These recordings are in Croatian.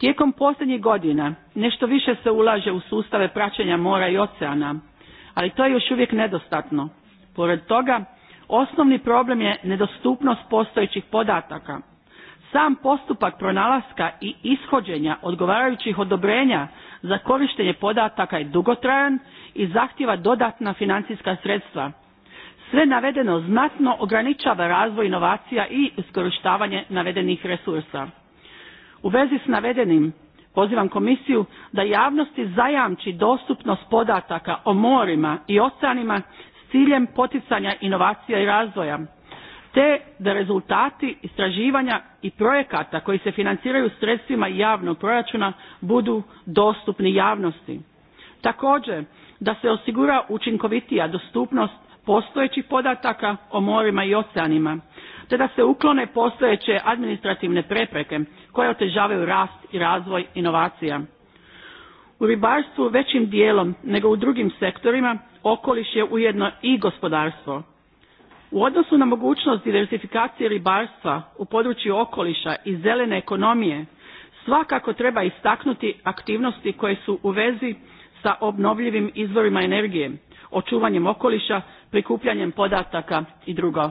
Tijekom posljednjih godina nešto više se ulaže u sustave praćenja mora i oceana, ali to je još uvijek nedostatno. Pored toga, osnovni problem je nedostupnost postojećih podataka. Sam postupak pronalaska i ishođenja odgovarajućih odobrenja za korištenje podataka je dugotrajan i zahtjeva dodatna financijska sredstva. Sve navedeno znatno ograničava razvoj inovacija i iskorištavanje navedenih resursa. U vezi s navedenim pozivam komisiju da javnosti zajamči dostupnost podataka o morima i oceanima s ciljem poticanja inovacija i razvoja te da rezultati istraživanja i projekata koji se financiraju sredstvima javnog proračuna budu dostupni javnosti. Također, da se osigura učinkovitija dostupnost postojećih podataka o morima i oceanima te da se uklone postojeće administrativne prepreke koje otežavaju rast i razvoj inovacija. U ribarstvu većim dijelom nego u drugim sektorima okoliš je ujedno i gospodarstvo. U odnosu na mogućnost diversifikacije ribarstva u području okoliša i zelene ekonomije svakako treba istaknuti aktivnosti koje su u vezi sa obnovljivim izvorima energije, očuvanjem okoliša, prikupljanjem podataka i drugo.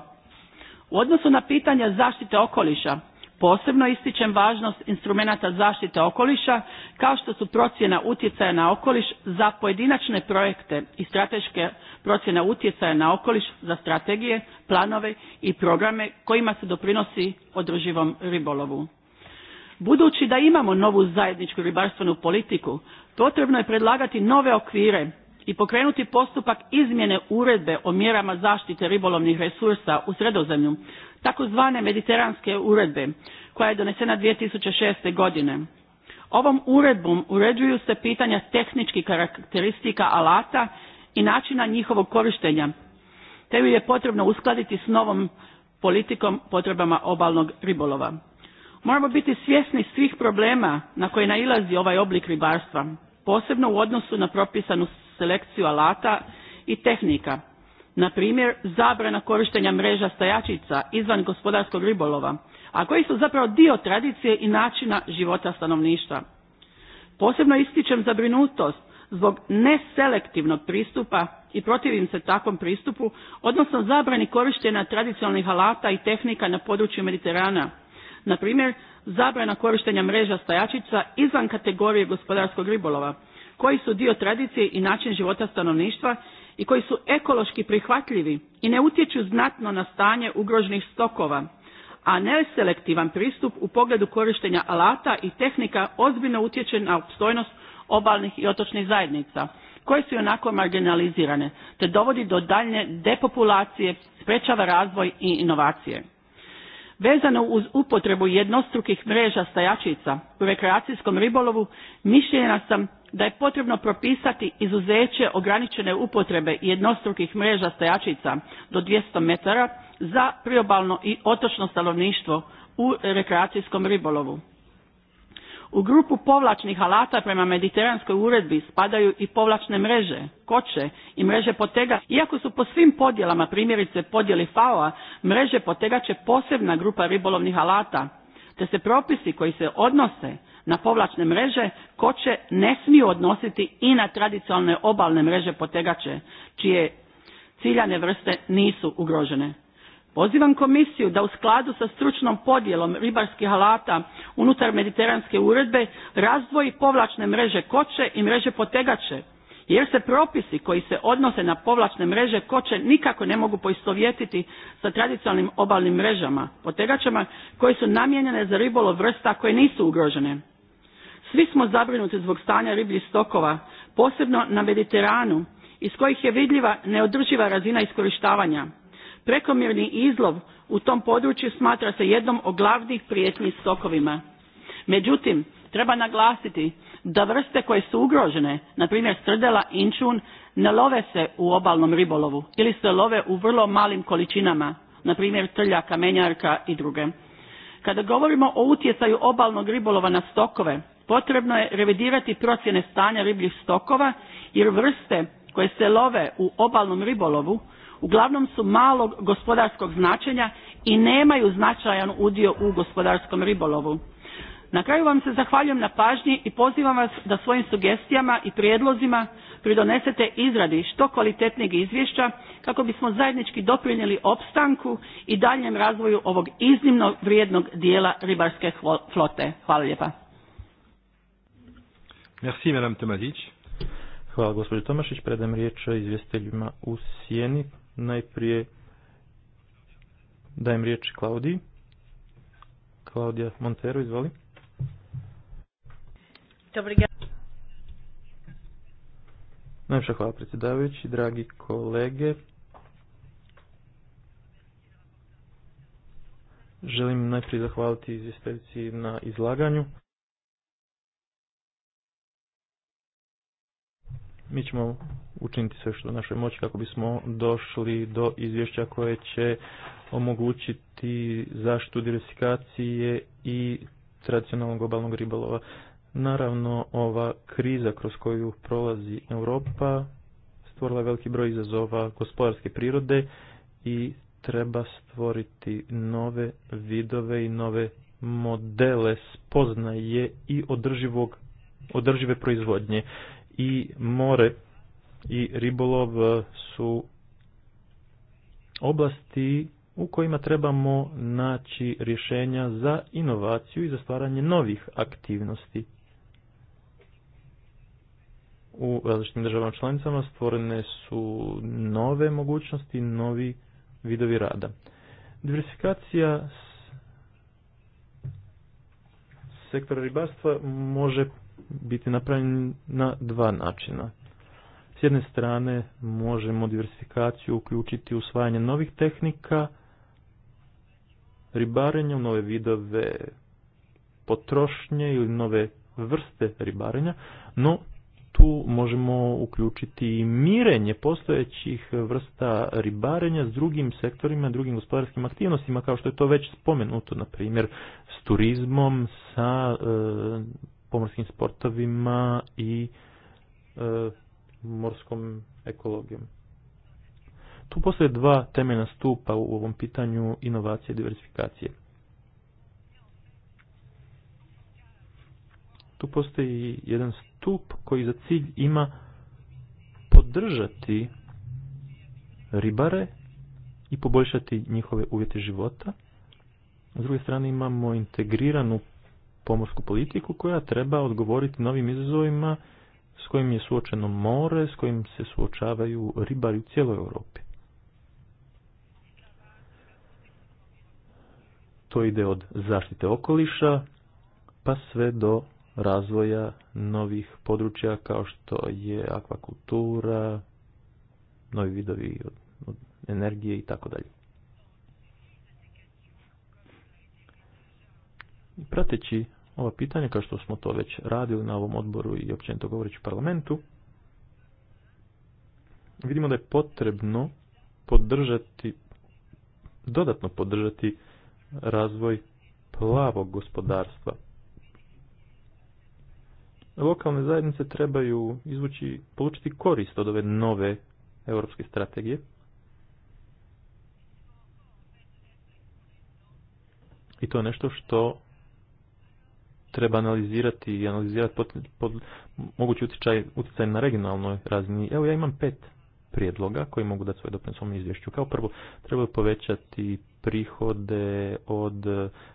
U odnosu na pitanja zaštite okoliša posebno ističem važnost instrumenata zaštite okoliša kao što su procjena utjecaja na okoliš za pojedinačne projekte i strateške procjena utjecaja na okoliš za strategije, planove i programe kojima se doprinosi održivom ribolovu. Budući da imamo novu zajedničku ribarstvenu politiku, potrebno je predlagati nove okvire i pokrenuti postupak izmjene uredbe o mjerama zaštite ribolovnih resursa u sredozemlju, takozvane mediteranske uredbe, koja je donesena 2006. godine. Ovom uredbom uređuju se pitanja tehničkih karakteristika alata i načina njihovog korištenja, te ju je potrebno uskladiti s novom politikom potrebama obalnog ribolova. Moramo biti svjesni svih problema na koje nailazi ovaj oblik ribarstva, posebno u odnosu na propisanu selekciju alata i tehnika. Na primjer, zabrana korištenja mreža stajačica izvan gospodarskog ribolova, a koji su zapravo dio tradicije i načina života stanovništva. Posebno ističem zabrinutost zbog neselektivnog pristupa i protivim se takvom pristupu, odnosno zabrani korištenja tradicionalnih alata i tehnika na području Mediterana. Na primjer, zabrana korištenja mreža stajačica izvan kategorije gospodarskog ribolova, koji su dio tradicije i način života stanovništva i koji su ekološki prihvatljivi i ne utječu znatno na stanje ugroženih stokova, a neselektivan pristup u pogledu korištenja alata i tehnika ozbiljno utječe na opstojnost obalnih i otočnih zajednica, koje su ionako marginalizirane, te dovodi do daljnje depopulacije, sprečava razvoj i inovacije. Vezano uz upotrebu jednostrukih mreža stajačica u rekreacijskom ribolovu, mišljenja sam da je potrebno propisati izuzeće ograničene upotrebe jednostrukih mreža stajačica do 200 metara za priobalno i otočno stanovništvo u rekreacijskom ribolovu. U grupu povlačnih alata prema mediteranskoj uredbi spadaju i povlačne mreže, koče i mreže potega. Iako su po svim podjelama, primjerice podjeli FAO-a, mreže potegače posebna grupa ribolovnih alata, te se propisi koji se odnose na povlačne mreže koče ne smiju odnositi i na tradicionalne obalne mreže potegače, čije ciljane vrste nisu ugrožene. Pozivam komisiju da u skladu sa stručnom podjelom ribarskih alata unutar mediteranske uredbe razdvoji povlačne mreže koče i mreže potegače, jer se propisi koji se odnose na povlačne mreže koče nikako ne mogu poistovjetiti sa tradicionalnim obalnim mrežama, potegačama koje su namijenjene za ribolov vrsta koje nisu ugrožene. Svi smo zabrinuti zbog stanja ribljih stokova, posebno na Mediteranu, iz kojih je vidljiva neodrživa razina iskorištavanja. Prekomjerni izlov u tom području smatra se jednom od glavnih prijetnji stokovima. Međutim, treba naglasiti da vrste koje su ugrožene, na primjer srdela, inčun, ne love se u obalnom ribolovu ili se love u vrlo malim količinama, na primjer trlja, kamenjarka i druge. Kada govorimo o utjecaju obalnog ribolova na stokove, Potrebno je revidirati procjene stanja ribljih stokova jer vrste koje se love u obalnom ribolovu uglavnom su malog gospodarskog značenja i nemaju značajan udio u gospodarskom ribolovu. Na kraju vam se zahvaljujem na pažnji i pozivam vas da svojim sugestijama i prijedlozima pridonesete izradi što kvalitetnijeg izvješća kako bismo zajednički doprinijeli opstanku i daljnjem razvoju ovog iznimno vrijednog dijela ribarske flote. Hvala lijepa. Merci, madame Hvala, gospođo Tomašić. Predajem riječ izvjestiteljima u Sijeni. Najprije dajem riječ Klaudiji. Klaudija Montero, izvoli. Najviše hvala predsjedavajući, dragi kolege. Želim najprije zahvaliti izvjestiteljici na izlaganju. mi ćemo učiniti sve što u našoj moći kako bismo došli do izvješća koje će omogućiti zaštitu diversifikacije i tradicionalnog globalnog ribolova. Naravno, ova kriza kroz koju prolazi Europa stvorila veliki broj izazova gospodarske prirode i treba stvoriti nove vidove i nove modele spoznaje i održivog, održive proizvodnje i more i ribolov e, su oblasti u kojima trebamo naći rješenja za inovaciju i za stvaranje novih aktivnosti. U različitim državama članicama stvorene su nove mogućnosti, novi vidovi rada. Diversifikacija sektora ribarstva može biti napravljen na dva načina. S jedne strane možemo diversifikaciju uključiti usvajanje novih tehnika, ribarenja u nove vidove potrošnje ili nove vrste ribarenja, no tu možemo uključiti i mirenje postojećih vrsta ribarenja s drugim sektorima, drugim gospodarskim aktivnostima, kao što je to već spomenuto, na primjer, s turizmom, sa e, pomorskim sportovima i e, morskom ekologijom. Tu postoje dva temeljna stupa u ovom pitanju inovacije i diversifikacije. Tu postoji jedan stup koji za cilj ima podržati ribare i poboljšati njihove uvjete života. S druge strane imamo integriranu pomorsku politiku koja treba odgovoriti novim izazovima s kojim je suočeno more, s kojim se suočavaju ribari u cijeloj Europi. To ide od zaštite okoliša pa sve do razvoja novih područja kao što je akvakultura, novi vidovi od, energije i tako dalje. Prateći ova pitanja, kao što smo to već radili na ovom odboru i općenito govoreći parlamentu, vidimo da je potrebno podržati, dodatno podržati razvoj plavog gospodarstva. Lokalne zajednice trebaju izvući, polučiti korist od ove nove europske strategije. I to je nešto što treba analizirati i analizirati mogući utjecaj, utjecaj na regionalnoj razini. Evo ja imam pet prijedloga koji mogu dati svoje doprinos ovom izvješću. Kao prvo, treba povećati prihode od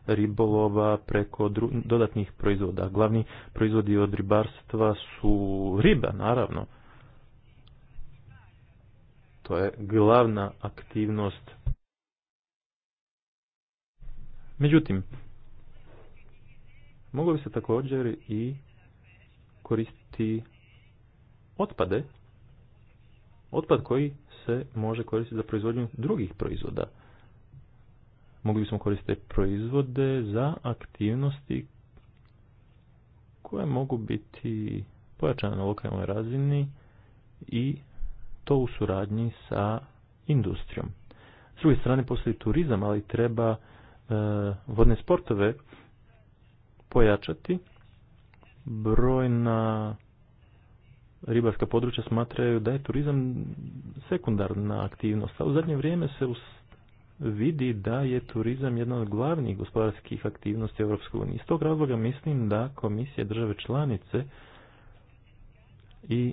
ribolova preko dodatnih proizvoda. Glavni proizvodi od ribarstva su riba, naravno. To je glavna aktivnost. Međutim, Moglo bi se također i koristiti otpade, otpad koji se može koristiti za proizvodnju drugih proizvoda. Mogli bismo koristiti proizvode za aktivnosti koje mogu biti pojačane na lokalnoj razini i to u suradnji sa industrijom. S druge strane postoji turizam, ali treba e, vodne sportove pojačati. Brojna ribarska područja smatraju da je turizam sekundarna aktivnost, a u zadnje vrijeme se vidi da je turizam jedna od glavnih gospodarskih aktivnosti Europske unije. Iz tog razloga mislim da komisije države članice i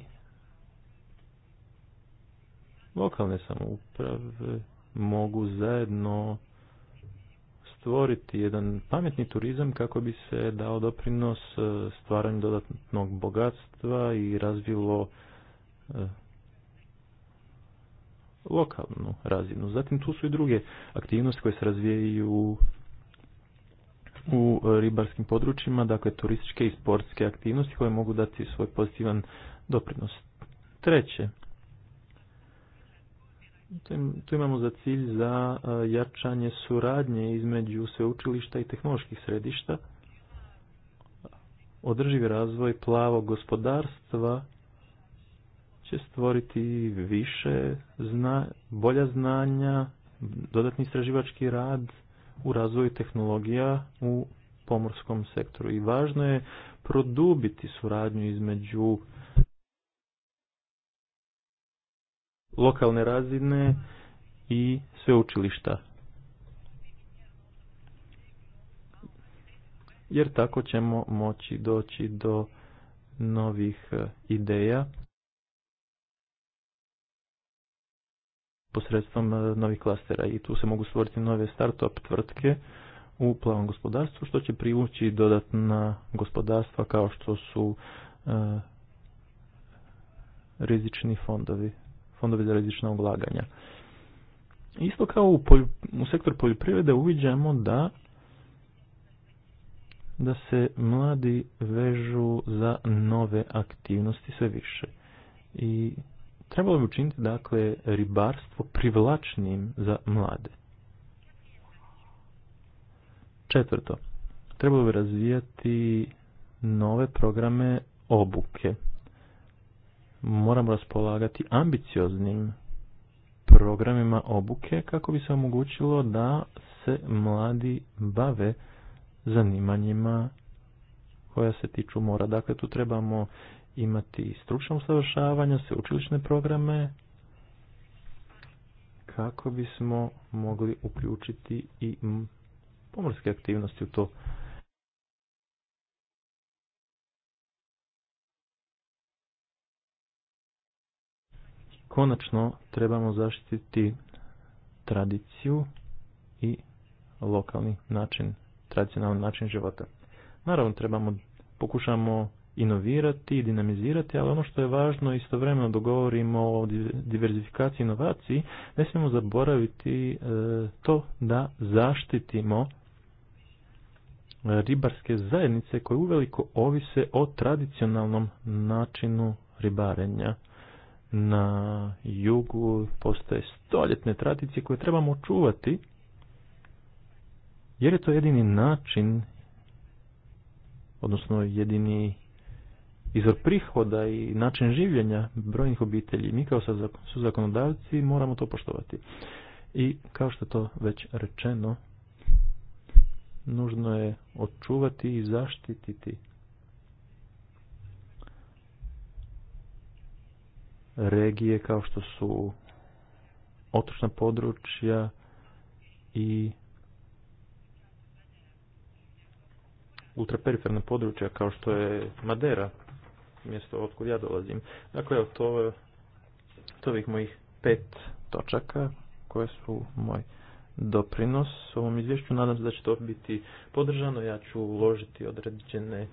lokalne samouprave mogu zajedno stvoriti jedan pametni turizam kako bi se dao doprinos e, stvaranju dodatnog bogatstva i razvilo e, lokalnu razinu. Zatim tu su i druge aktivnosti koje se razvijaju u ribarskim područjima, dakle turističke i sportske aktivnosti koje mogu dati svoj pozitivan doprinos. Treće, tu imamo za cilj za e, jačanje suradnje između sveučilišta i tehnoloških središta, održivi razvoj plavog gospodarstva će stvoriti više, bolja znanja, dodatni istraživački rad u razvoju tehnologija u pomorskom sektoru. I važno je produbiti suradnju između lokalne razine i sveučilišta. Jer tako ćemo moći doći do novih e, ideja posredstvom e, novih klastera i tu se mogu stvoriti nove startup tvrtke u plavom gospodarstvu što će privući dodatna gospodarstva kao što su e, rizični fondovi fondove za rizična ulaganja. Isto kao u, u sektor poljoprivrede uviđamo da da se mladi vežu za nove aktivnosti sve više. I trebalo bi učiniti dakle ribarstvo privlačnim za mlade. Četvrto, trebalo bi razvijati nove programe obuke moramo raspolagati ambicioznim programima obuke kako bi se omogućilo da se mladi bave zanimanjima koja se tiču mora. Dakle, tu trebamo imati stručno usavršavanje, sveučilišne programe, kako bismo mogli uključiti i pomorske aktivnosti u to Konačno trebamo zaštititi tradiciju i lokalni način, tradicionalni način života. Naravno trebamo, pokušamo inovirati i dinamizirati, ali ono što je važno istovremeno dogovorimo o diverzifikaciji inovaciji, ne smijemo zaboraviti e, to da zaštitimo ribarske zajednice koje uveliko ovise o tradicionalnom načinu ribarenja na jugu postoje stoljetne tradicije koje trebamo čuvati, jer je to jedini način, odnosno jedini izvor prihoda i način življenja brojnih obitelji. Mi kao su zakonodavci moramo to poštovati. I kao što je to već rečeno, nužno je očuvati i zaštititi regije kao što su otočna područja i ultraperiferna područja kao što je Madera, mjesto otkud ja dolazim. Dakle, evo, to, to ovih mojih pet točaka koje su moj doprinos ovom izvješću. Nadam se da će to biti podržano. Ja ću uložiti određene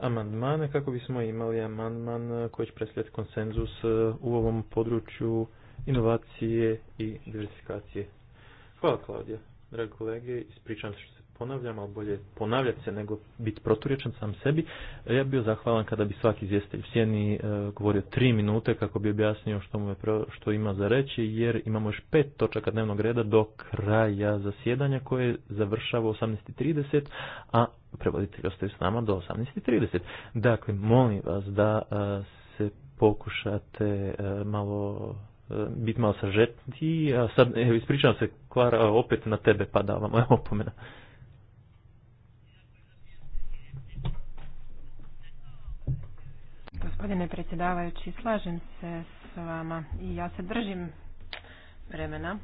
amandmane kako bismo imali amandman eh, koji će predstavljati konsenzus eh, u ovom području inovacije i diversifikacije. Hvala Klaudija, dragi kolege, ispričam se što se ponavljam, ali bolje ponavljati se nego biti proturječan sam sebi, ja bih bio zahvalan kada bi svaki izvjestitelj sjeni e, govorio tri minute kako bi objasnio što, mu je, što ima za reći, jer imamo još pet točaka dnevnog reda do kraja zasjedanja koje završava u 18.30, a prevoditelj ostaje s nama do 18.30. Dakle, molim vas da e, se pokušate e, malo e, biti malo sažetniji. Sad, ispričavam se, Klara, opet na tebe pada vam opomena. Gospodine predsjedavajući, slažem se s vama i ja se držim vremena,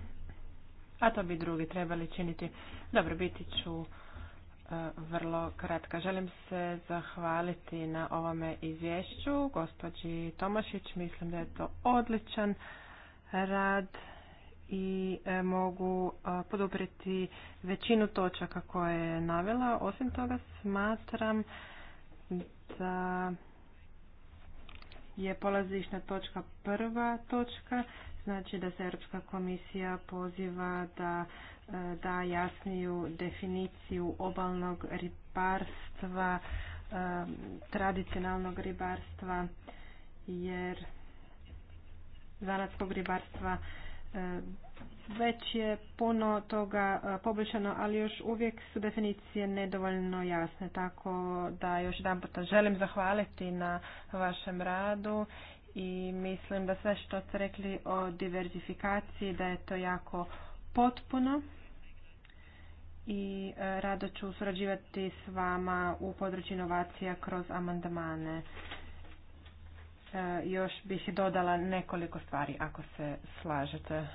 a to bi drugi trebali činiti. Dobro, biti ću e, vrlo kratka. Želim se zahvaliti na ovome izvješću. Gospođi Tomašić, mislim da je to odličan rad i e, mogu e, podupriti većinu točaka koje je navela. Osim toga smatram da je polazišna točka prva točka, znači da se Europska komisija poziva da e, da jasniju definiciju obalnog ribarstva, e, tradicionalnog ribarstva, jer zanatskog ribarstva e, već je puno toga e, poboljšano, ali još uvijek su definicije nedovoljno jasne, tako da još jedan puta želim zahvaliti na vašem radu i mislim da sve što ste rekli o diverzifikaciji, da je to jako potpuno i e, rado ću surađivati s vama u području inovacija kroz amandmane. E, još bih dodala nekoliko stvari ako se slažete.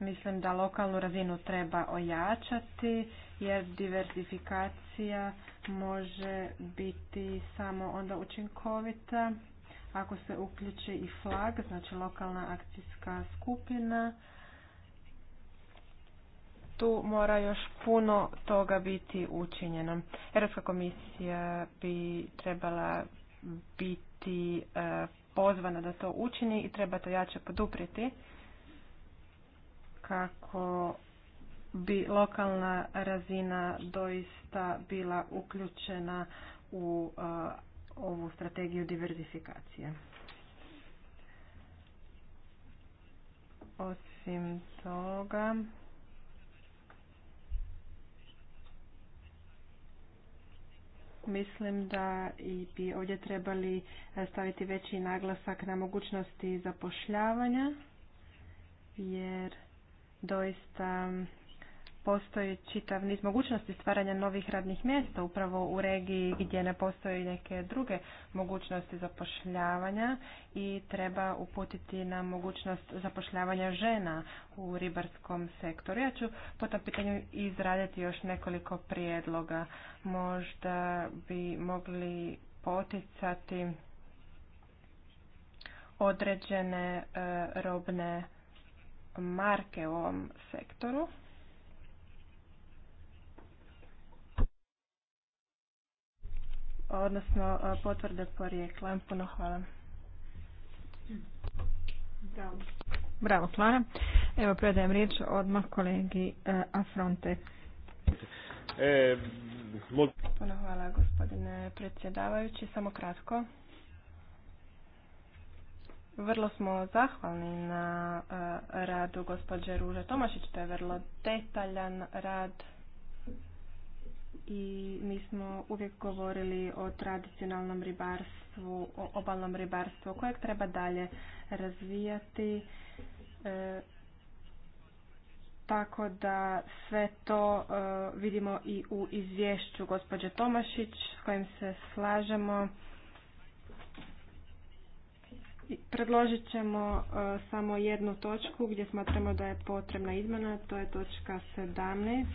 Mislim da lokalnu razinu treba ojačati jer diversifikacija može biti samo onda učinkovita ako se uključi i flag, znači lokalna akcijska skupina. Tu mora još puno toga biti učinjeno. Europska komisija bi trebala biti e, pozvana da to učini i treba to jače poduprijeti kako bi lokalna razina doista bila uključena u uh, ovu strategiju diverzifikacije. Osim toga, mislim da i bi ovdje trebali staviti veći naglasak na mogućnosti zapošljavanja jer doista postoji čitav niz mogućnosti stvaranja novih radnih mjesta upravo u regiji gdje ne postoje neke druge mogućnosti zapošljavanja i treba uputiti na mogućnost zapošljavanja žena u ribarskom sektoru. Ja ću po tom pitanju izraditi još nekoliko prijedloga. Možda bi mogli poticati određene e, robne marke u ovom sektoru. Odnosno e, potvrde porijekla. Puno hvala. Bravo. Bravo, Klara. Evo, predajem riječ odmah kolegi e, Afronte. E, Puno hvala, gospodine predsjedavajući. Samo kratko. Vrlo smo zahvalni na e, radu gospođe Ruže Tomašić, to je vrlo detaljan rad i mi smo uvijek govorili o tradicionalnom ribarstvu, o obalnom ribarstvu kojeg treba dalje razvijati e, tako da sve to e, vidimo i u izvješću gospođe Tomašić s kojim se slažemo Predložit ćemo e, samo jednu točku gdje smatramo da je potrebna izmjena, to je točka 17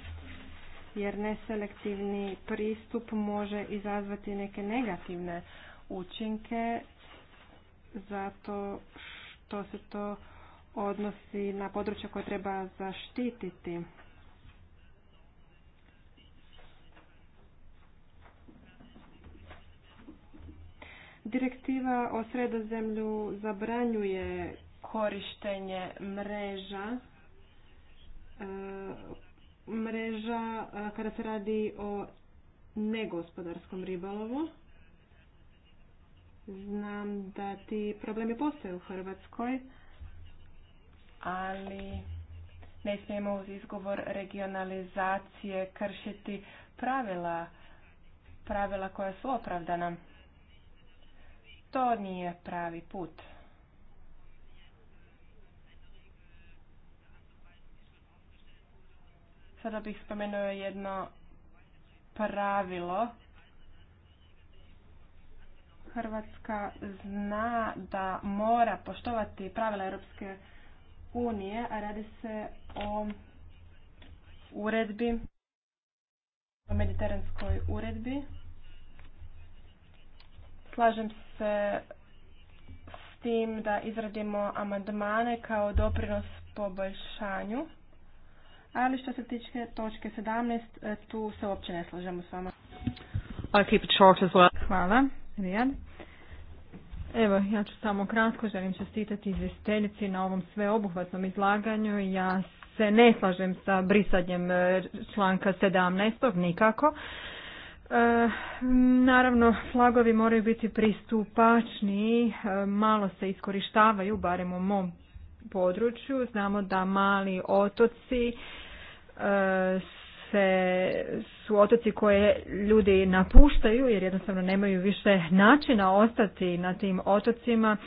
jer neselektivni pristup može izazvati neke negativne učinke zato što se to odnosi na područje koje treba zaštititi. Direktiva o sredozemlju zabranjuje korištenje mreža e, mreža e, kada se radi o negospodarskom ribolovu. Znam da ti problemi postoje u Hrvatskoj, ali ne smijemo uz izgovor regionalizacije kršiti pravila, pravila koja su opravdana. To nije pravi put. Sada bih spomenuo jedno pravilo. Hrvatska zna da mora poštovati pravila Europske unije, a radi se o uredbi, o mediteranskoj uredbi. Slažem se s tim da izradimo amandmane kao doprinos poboljšanju, ali što se tiče točke 17, e, tu se uopće ne slažemo s vama. Hvala, Evo, ja ću samo kratko, želim čestitati izvjestiteljici na ovom sveobuhvatnom izlaganju. Ja se ne slažem sa brisanjem e, članka 17. nikako. Eh, naravno, flagovi moraju biti pristupačni, eh, malo se iskorištavaju, barem u mom području. Znamo da mali otoci eh, se, su otoci koje ljudi napuštaju jer jednostavno nemaju više načina ostati na tim otocima.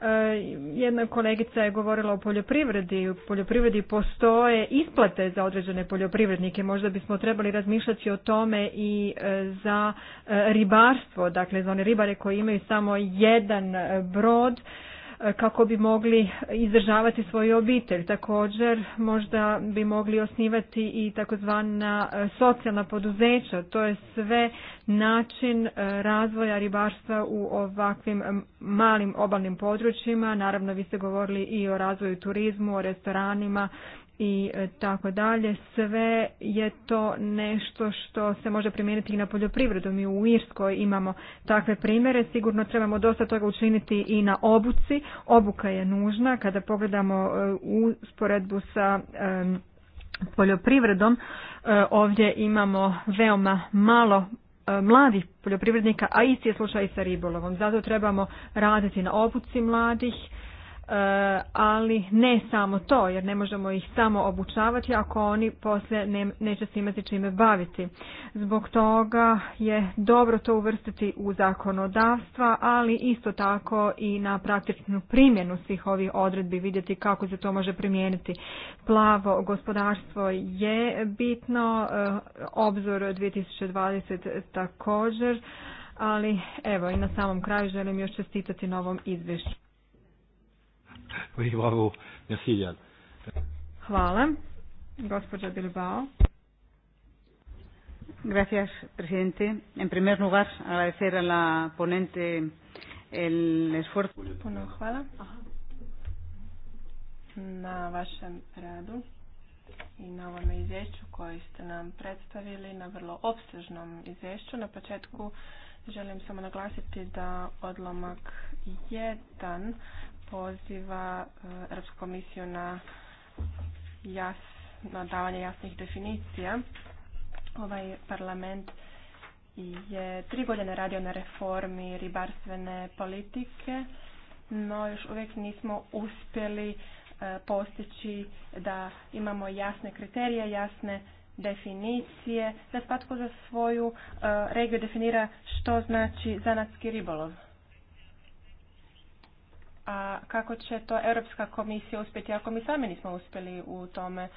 Eh, jedna kolegica je govorila o poljoprivredi. U poljoprivredi postoje isplate za određene poljoprivrednike. Možda bismo trebali razmišljati o tome i eh, za eh, ribarstvo, dakle za one ribare koji imaju samo jedan brod E, kako bi mogli izdržavati svoju obitelj. Također možda bi mogli osnivati i takozvana e, socijalna poduzeća. To je sve način e, razvoja ribarstva u ovakvim malim obalnim područjima. Naravno vi ste govorili i o razvoju turizmu, o restoranima, i e, tako dalje. Sve je to nešto što se može primijeniti i na poljoprivredu. Mi u Irskoj imamo takve primjere. Sigurno trebamo dosta toga učiniti i na obuci. Obuka je nužna. Kada pogledamo e, usporedbu sa e, poljoprivredom, ovdje imamo veoma malo mladih poljoprivrednika, a isti je slučaj i sa ribolovom. Zato trebamo raditi na obuci mladih E, ali ne samo to, jer ne možemo ih samo obučavati ako oni poslije ne, neće se imati čime baviti. Zbog toga je dobro to uvrstiti u zakonodavstva, ali isto tako i na praktičnu primjenu svih ovih odredbi, vidjeti kako se to može primijeniti. Plavo gospodarstvo je bitno, e, obzor 2020 također, ali evo i na samom kraju želim još čestitati novom izvješću. Oui, bravo. Merci, Yann. Hvala. Gospođa Bilbao. Gracias, presidente. En primer lugar, agradecer a la ponente el esfuerzo. Puno hvala na vašem radu i na ovom izvješću koji ste nam predstavili, na vrlo opsežnom izvješću. Na početku želim samo naglasiti da odlomak 1 poziva e, Europsku komisiju na, jas, davanje jasnih definicija. Ovaj parlament je tri godine radio na reformi ribarstvene politike, no još uvijek nismo uspjeli e, postići da imamo jasne kriterije, jasne definicije, da svatko za svoju e, regiju definira što znači zanatski ribolov a kako će to Europska komisija uspjeti ako mi sami nismo uspjeli u tome?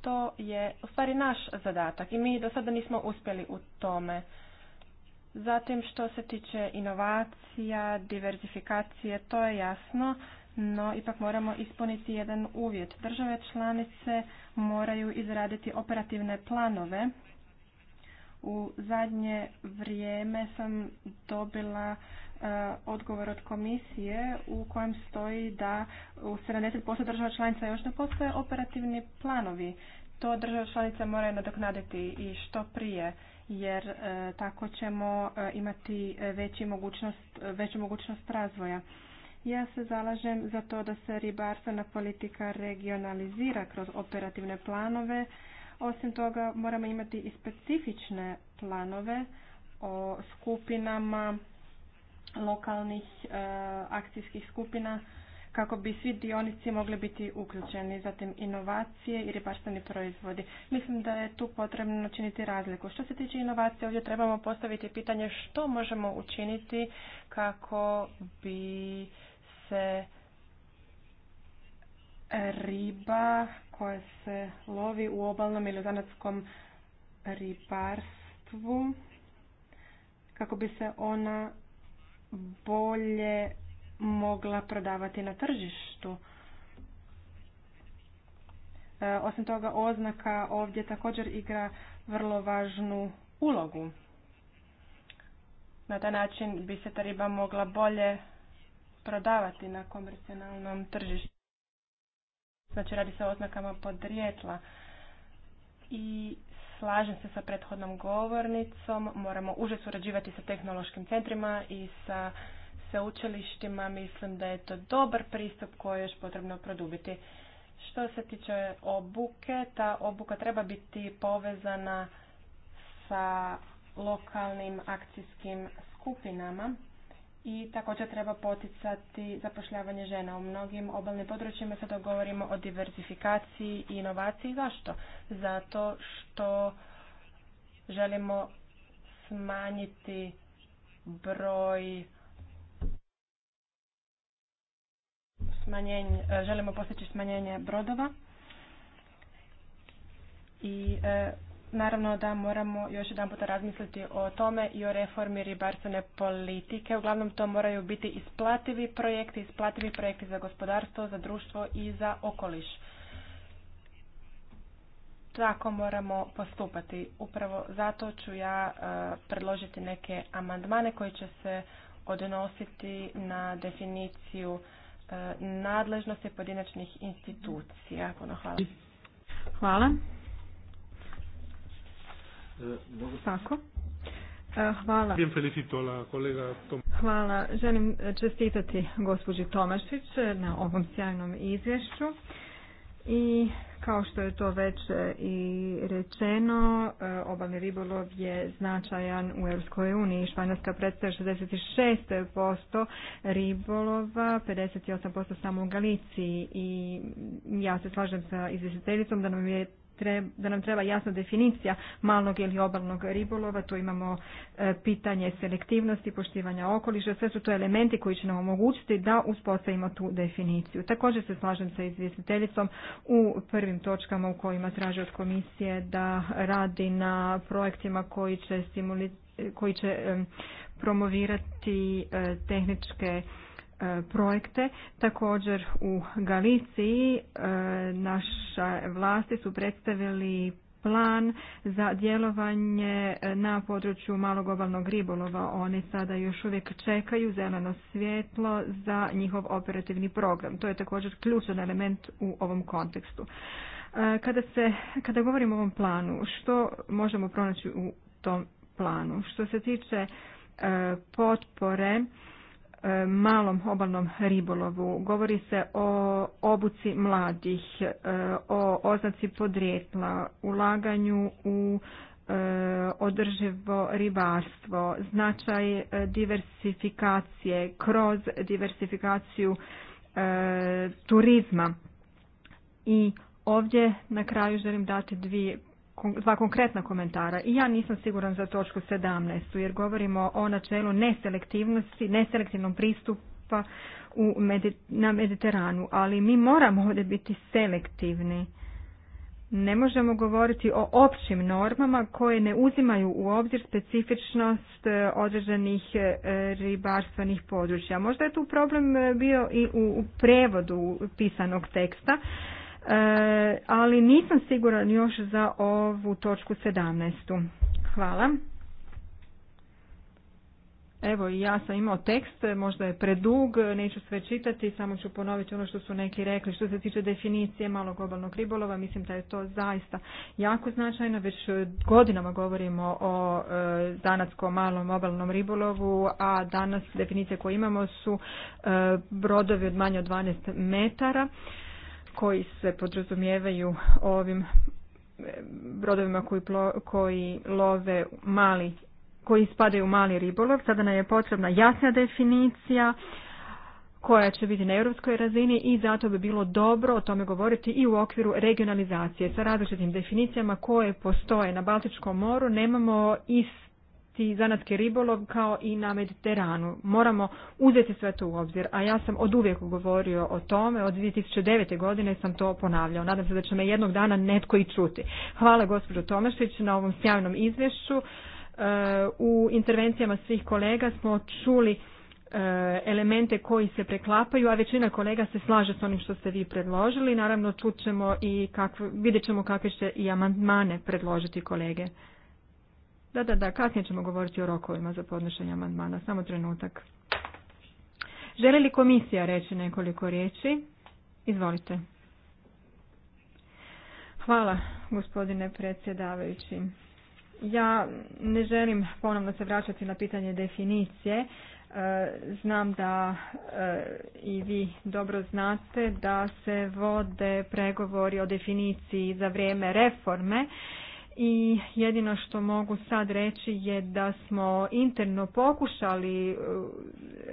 To je u stvari naš zadatak i mi do sada nismo uspjeli u tome. Zatim što se tiče inovacija, diverzifikacije, to je jasno, no ipak moramo ispuniti jedan uvjet. Države članice moraju izraditi operativne planove. U zadnje vrijeme sam dobila E, odgovor od komisije u kojem stoji da u 70% država članica još ne postoje operativni planovi. To država članica mora nadoknaditi i što prije, jer e, tako ćemo e, imati veći veću mogućnost razvoja. Ja se zalažem za to da se ribarstvena politika regionalizira kroz operativne planove. Osim toga moramo imati i specifične planove o skupinama lokalnih e, akcijskih skupina kako bi svi dionici mogli biti uključeni, zatim inovacije i ribarstveni proizvodi. Mislim da je tu potrebno činiti razliku. Što se tiče inovacije, ovdje trebamo postaviti pitanje što možemo učiniti kako bi se riba koja se lovi u obalnom ili zanatskom ribarstvu, kako bi se ona bolje mogla prodavati na tržištu. E, osim toga, oznaka ovdje također igra vrlo važnu ulogu. Na taj način bi se ta riba mogla bolje prodavati na komercionalnom tržištu. Znači radi se o oznakama podrijetla. I Slažem se sa prethodnom govornicom, moramo uže surađivati sa tehnološkim centrima i sa sveučilištima. Mislim da je to dobar pristup koji je još potrebno produbiti. Što se tiče obuke, ta obuka treba biti povezana sa lokalnim akcijskim skupinama i također treba poticati zapošljavanje žena. U mnogim obalnim područjima sada govorimo o diversifikaciji i inovaciji. Zašto? Zato što želimo smanjiti broj smanjenje, želimo postići smanjenje brodova i e, Naravno da moramo još jedan puta razmisliti o tome i o reformi ribarstvene politike. Uglavnom to moraju biti isplativi projekti, isplativi projekti za gospodarstvo, za društvo i za okoliš. Tako moramo postupati. Upravo zato ću ja e, predložiti neke amandmane koji će se odnositi na definiciju e, nadležnosti pojedinačnih institucija. hvala. Hvala. Tako. E, hvala. Hvala. Želim čestitati gospođi Tomašić na ovom sjajnom izvješću. I kao što je to već e, i rečeno, e, obalni ribolov je značajan u Europskoj uniji. Španjolska predstavlja 66% ribolova, 58% samo u Galiciji i ja se slažem sa izvjestiteljicom da nam je da nam treba jasna definicija malnog ili obalnog ribolova. Tu imamo e, pitanje selektivnosti, poštivanja okoliša. Sve su to elementi koji će nam omogućiti da uspostavimo tu definiciju. Također se slažem sa izvjestiteljicom u prvim točkama u kojima traži od komisije da radi na projektima koji će, koji će promovirati e, tehničke E, projekte. Također u Galiciji e, naša vlasti su predstavili plan za djelovanje na području malog obalnog ribolova. Oni sada još uvijek čekaju zeleno svjetlo za njihov operativni program. To je također ključan element u ovom kontekstu. E, kada, se, kada govorimo o ovom planu, što možemo pronaći u tom planu? Što se tiče potpore malom obalnom ribolovu. Govori se o obuci mladih, e, o oznaci podrijetla, ulaganju u e, održivo ribarstvo, značaj e, diversifikacije kroz diversifikaciju turizma. I ovdje na kraju želim dati dvije dva konkretna komentara. I ja nisam siguran za točku 17. jer govorimo o načelu neselektivnosti, neselektivnom pristupa u na Mediteranu. Ali mi moramo ovdje biti selektivni. Ne možemo govoriti o općim normama koje ne uzimaju u obzir specifičnost e, određenih e, ribarstvenih područja. Možda je tu problem e, bio i u prevodu pisanog teksta E, ali nisam siguran još za ovu točku 17. Hvala. Evo i ja sam imao tekst, možda je predug, neću sve čitati, samo ću ponoviti ono što su neki rekli. Što se tiče definicije malog obalnog ribolova, mislim da je to zaista jako značajno. Već godinama govorimo o e, zanatskom malom obalnom ribolovu, a danas definicije koje imamo su e, brodovi od manje od 12 metara koji se podrazumijevaju ovim e, brodovima koji, koji love mali koji spadaju u mali ribolov. Sada nam je potrebna jasna definicija koja će biti na europskoj razini i zato bi bilo dobro o tome govoriti i u okviru regionalizacije. Sa različitim definicijama koje postoje na Baltičkom moru nemamo iz zanatski ribolov kao i na Mediteranu. Moramo uzeti sve to u obzir, a ja sam od uvijek govorio o tome, od 2009. godine sam to ponavljao. Nadam se da će me jednog dana netko i čuti. Hvala gospođo Tomašić na ovom sjajnom izvješću. E, u intervencijama svih kolega smo čuli e, elemente koji se preklapaju, a većina kolega se slaže s onim što ste vi predložili. Naravno, čut ćemo i kakve, vidjet ćemo kakve će i amandmane predložiti kolege. Da, da, da, kasnije ćemo govoriti o rokovima za podnošenje amandmana, samo trenutak. Želi li komisija reći nekoliko riječi? Izvolite. Hvala, gospodine predsjedavajući. Ja ne želim ponovno se vraćati na pitanje definicije. E, znam da e, i vi dobro znate da se vode pregovori o definiciji za vrijeme reforme i jedino što mogu sad reći je da smo interno pokušali e,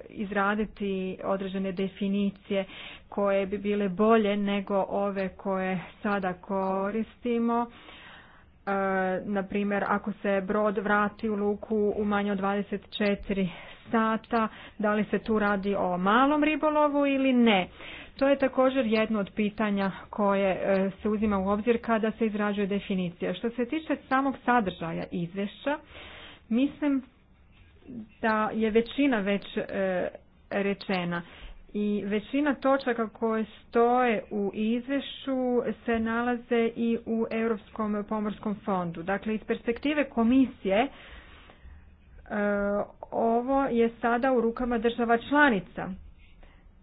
izraditi određene definicije koje bi bile bolje nego ove koje sada koristimo. E, na naprimjer, ako se brod vrati u luku u manje od 24 sata, da li se tu radi o malom ribolovu ili ne. To je također jedno od pitanja koje e, se uzima u obzir kada se izrađuje definicija. Što se tiče samog sadržaja izvješća, mislim da je većina već e, rečena i većina točaka koje stoje u izvješću se nalaze i u Europskom pomorskom fondu. Dakle, iz perspektive komisije e, ovo je sada u rukama država članica.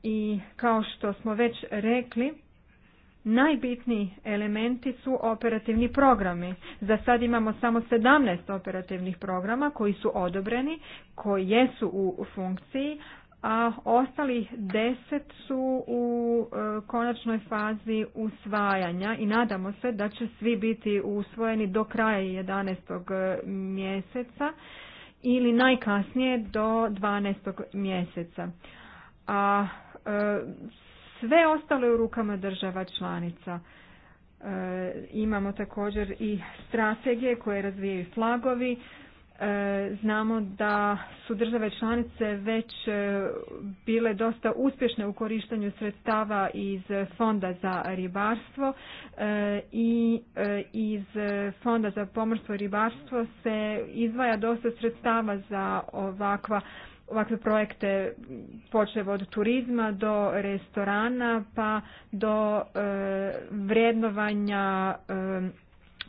I kao što smo već rekli, najbitniji elementi su operativni programi. Za sad imamo samo 17 operativnih programa koji su odobreni, koji jesu u funkciji, a ostalih deset su u e, konačnoj fazi usvajanja i nadamo se da će svi biti usvojeni do kraja 11. E, mjeseca ili najkasnije do 12. mjeseca. A e, sve ostalo je u rukama država članica. E, imamo također i strategije koje razvijaju flagovi, E, znamo da su države članice već e, bile dosta uspješne u korištenju sredstava iz Fonda za ribarstvo e, i iz Fonda za pomorstvo i ribarstvo se izdvaja dosta sredstava za ovakva ovakve projekte počev od turizma do restorana pa do vrednovanja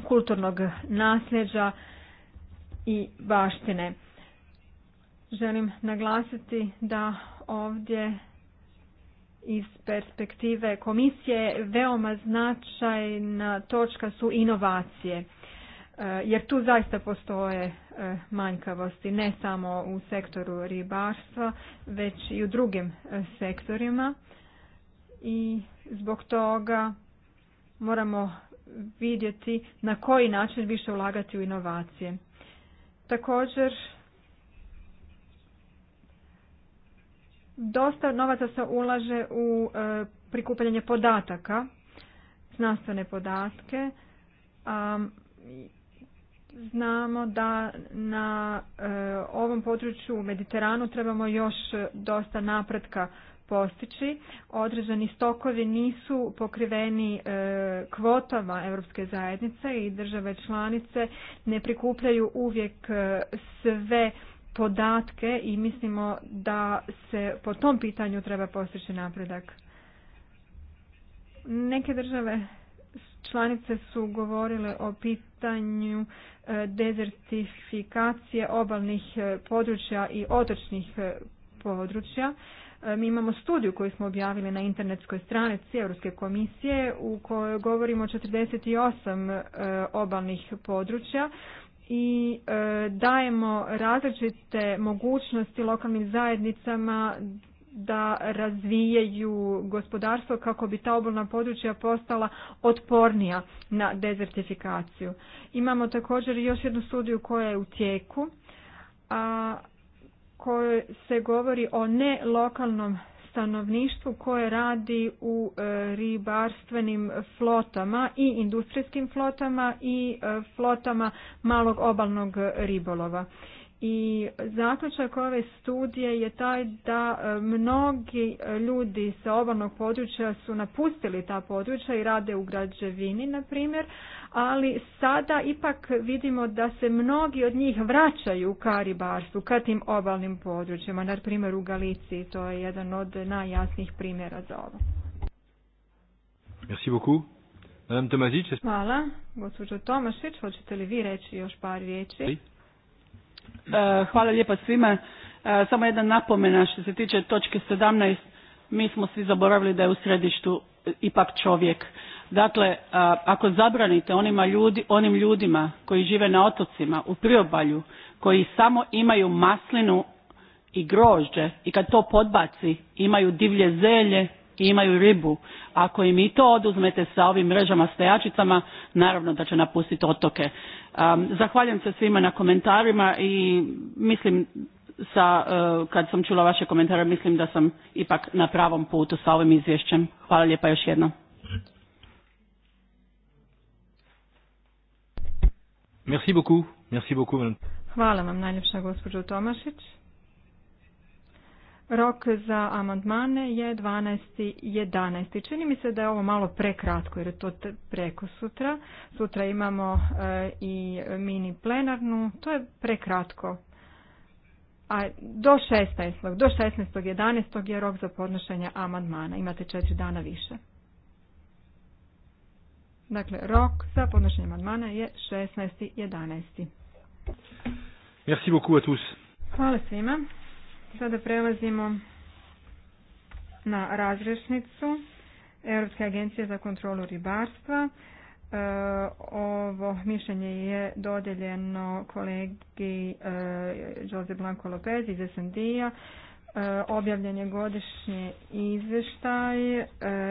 kulturnog nasljeđa i baštine. Želim naglasiti da ovdje iz perspektive komisije veoma značajna točka su inovacije. E, jer tu zaista postoje e, manjkavosti ne samo u sektoru ribarstva, već i u drugim e, sektorima. I zbog toga moramo vidjeti na koji način više ulagati u inovacije. Također, dosta novaca se ulaže u e, prikupljanje podataka, znanstvene podatke. znamo da na e, ovom području u Mediteranu trebamo još dosta napretka postići. Određeni stokovi nisu pokriveni e, kvotama Europske zajednice i države članice ne prikupljaju uvijek e, sve podatke i mislimo da se po tom pitanju treba postići napredak. Neke države članice su govorile o pitanju e, dezertifikacije obalnih područja i otočnih područja. E, mi imamo studiju koju smo objavili na internetskoj stranici Europske komisije u kojoj govorimo o 48 e, obalnih područja i e, dajemo različite mogućnosti lokalnim zajednicama da razvijaju gospodarstvo kako bi ta obalna područja postala otpornija na dezertifikaciju. Imamo također još jednu studiju koja je u tijeku, a kojoj se govori o nelokalnom stanovništvu koje radi u e, ribarstvenim flotama i industrijskim flotama i e, flotama malog obalnog ribolova i zaključak ove studije je taj da e, mnogi e, ljudi sa obalnog područja su napustili ta područja i rade u građevini, na primjer, ali sada ipak vidimo da se mnogi od njih vraćaju u ribarstvu, ka tim obalnim područjima, na primjer u Galiciji, to je jedan od najjasnijih primjera za ovo. Merci beaucoup. Madame Hvala. Gospođo Tomašić, hoćete li vi reći još par riječi? E, hvala lijepa svima. E, samo jedna napomena što se tiče točke 17. Mi smo svi zaboravili da je u središtu ipak čovjek. Dakle, e, ako zabranite onima ljudi, onim ljudima koji žive na otocima, u priobalju, koji samo imaju maslinu i grožđe i kad to podbaci imaju divlje zelje, imaju ribu. Ako im i to oduzmete sa ovim mrežama stajačicama, naravno da će napustiti otoke. Zahvaljujem se svima na komentarima i mislim sa, e, kad sam čula vaše komentare, mislim da sam ipak na pravom putu sa ovim izvješćem. Hvala lijepa još jednom. Merci beaucoup. Merci beaucoup. Hvala vam najljepša gospođo Tomašić. Rok za amandmane je 12.11. Čini mi se da je ovo malo prekratko jer je to preko sutra. Sutra imamo e, i mini plenarnu. To je prekratko. A do 16. Do 16.11. je rok za podnošenje amandmana. Imate četiri dana više. Dakle, rok za podnošenje amandmana je 16.11. Merci beaucoup à tous. Hvala svima. Sada prelazimo na razrešnicu Europske agencije za kontrolu ribarstva. E, ovo mišljenje je dodijeljeno kolegi e, Jose Blanco Lopez iz SND-a. E, objavljen je godišnji izvještaj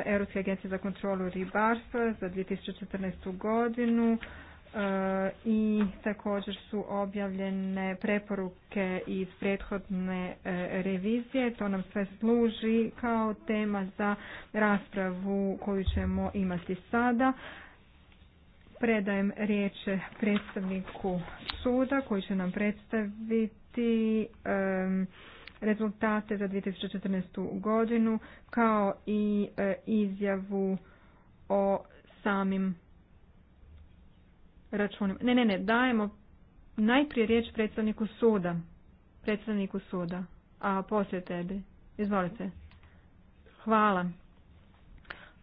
Europske agencije za kontrolu ribarstva za 2014. godinu. E, i također su objavljene preporuke iz prethodne e, revizije. To nam sve služi kao tema za raspravu koju ćemo imati sada. Predajem riječ predstavniku suda koji će nam predstaviti e, rezultate za 2014. godinu kao i izjavu o samim računima. Ne, ne, ne, dajemo najprije riječ predstavniku suda. Predstavniku suda. A poslije tebi. Izvolite. Hvala.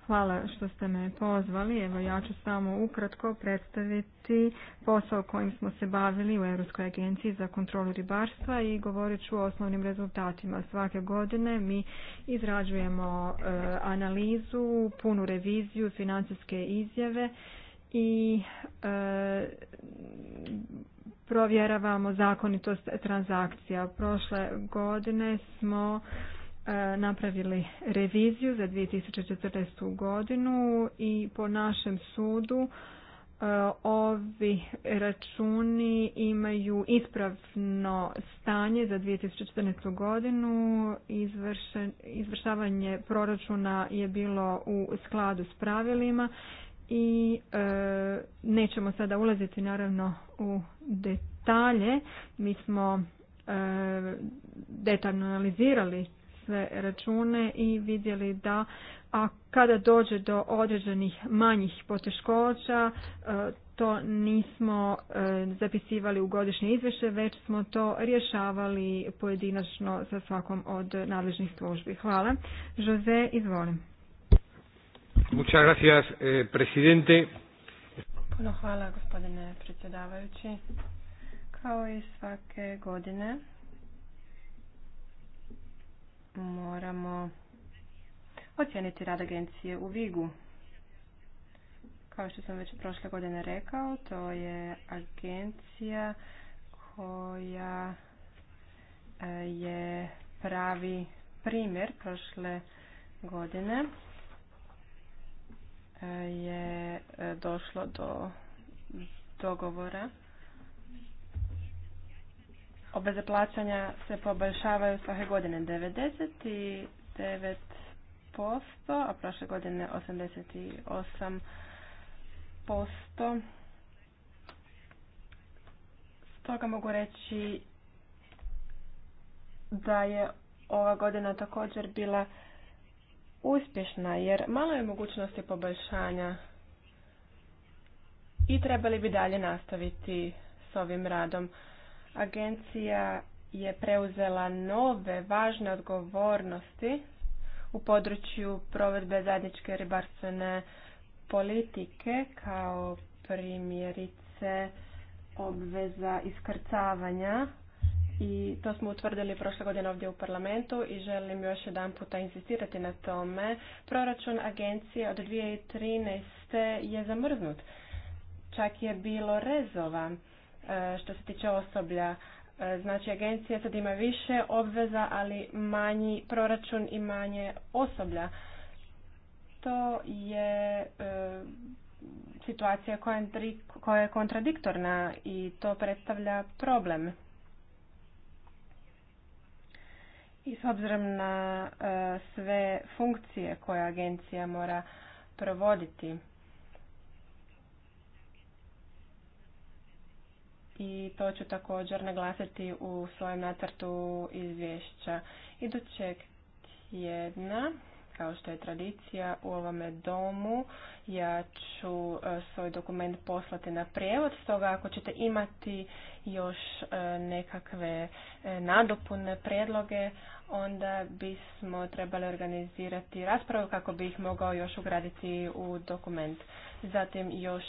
Hvala što ste me pozvali. Evo ja ću samo ukratko predstaviti posao kojim smo se bavili u Europskoj agenciji za kontrolu ribarstva i govorit ću o osnovnim rezultatima. Svake godine mi izrađujemo e, analizu, punu reviziju, financijske izjave i e, provjeravamo zakonitost transakcija. Prošle godine smo e, napravili reviziju za 2014. godinu i po našem sudu e, ovi računi imaju ispravno stanje za 2014. godinu. Izvršen, izvršavanje proračuna je bilo u skladu s pravilima i e, nećemo sada ulaziti naravno u detalje. Mi smo e, detaljno analizirali sve račune i vidjeli da a kada dođe do određenih manjih poteškoća, e, to nismo e, zapisivali u godišnje izvješće, već smo to rješavali pojedinačno sa svakom od nadležnih službi. Hvala. Jose, izvolim. Muchas gracias, eh, presidente. Puno hvala, gospodine predsjedavajući. Kao i svake godine moramo ocijeniti rad agencije u Vigu. Kao što sam već prošle godine rekao, to je agencija koja eh, je pravi primjer prošle godine je e, došlo do dogovora. Obveze plaćanja se poboljšavaju svake godine 99%, a prošle godine 88%. Stoga mogu reći da je ova godina također bila uspješna jer malo je mogućnosti poboljšanja i trebali bi dalje nastaviti s ovim radom. Agencija je preuzela nove važne odgovornosti u području provedbe zajedničke ribarstvene politike kao primjerice obveza iskrcavanja i to smo utvrdili prošle godine ovdje u parlamentu i želim još jedan puta insistirati na tome. Proračun agencije od 2013. je zamrznut. Čak je bilo rezova e, što se tiče osoblja. E, znači agencija sad ima više obveza, ali manji proračun i manje osoblja. To je e, situacija koja je kontradiktorna i to predstavlja problem i s obzirom na e, sve funkcije koje agencija mora provoditi i to ću također naglasiti u svojem nacrtu izvješća idućeg tjedna kao što je tradicija u ovome domu. Ja ću e, svoj dokument poslati na prijevod, stoga ako ćete imati još e, nekakve e, nadopune predloge, onda bismo trebali organizirati raspravu kako bi ih mogao još ugraditi u dokument. Zatim još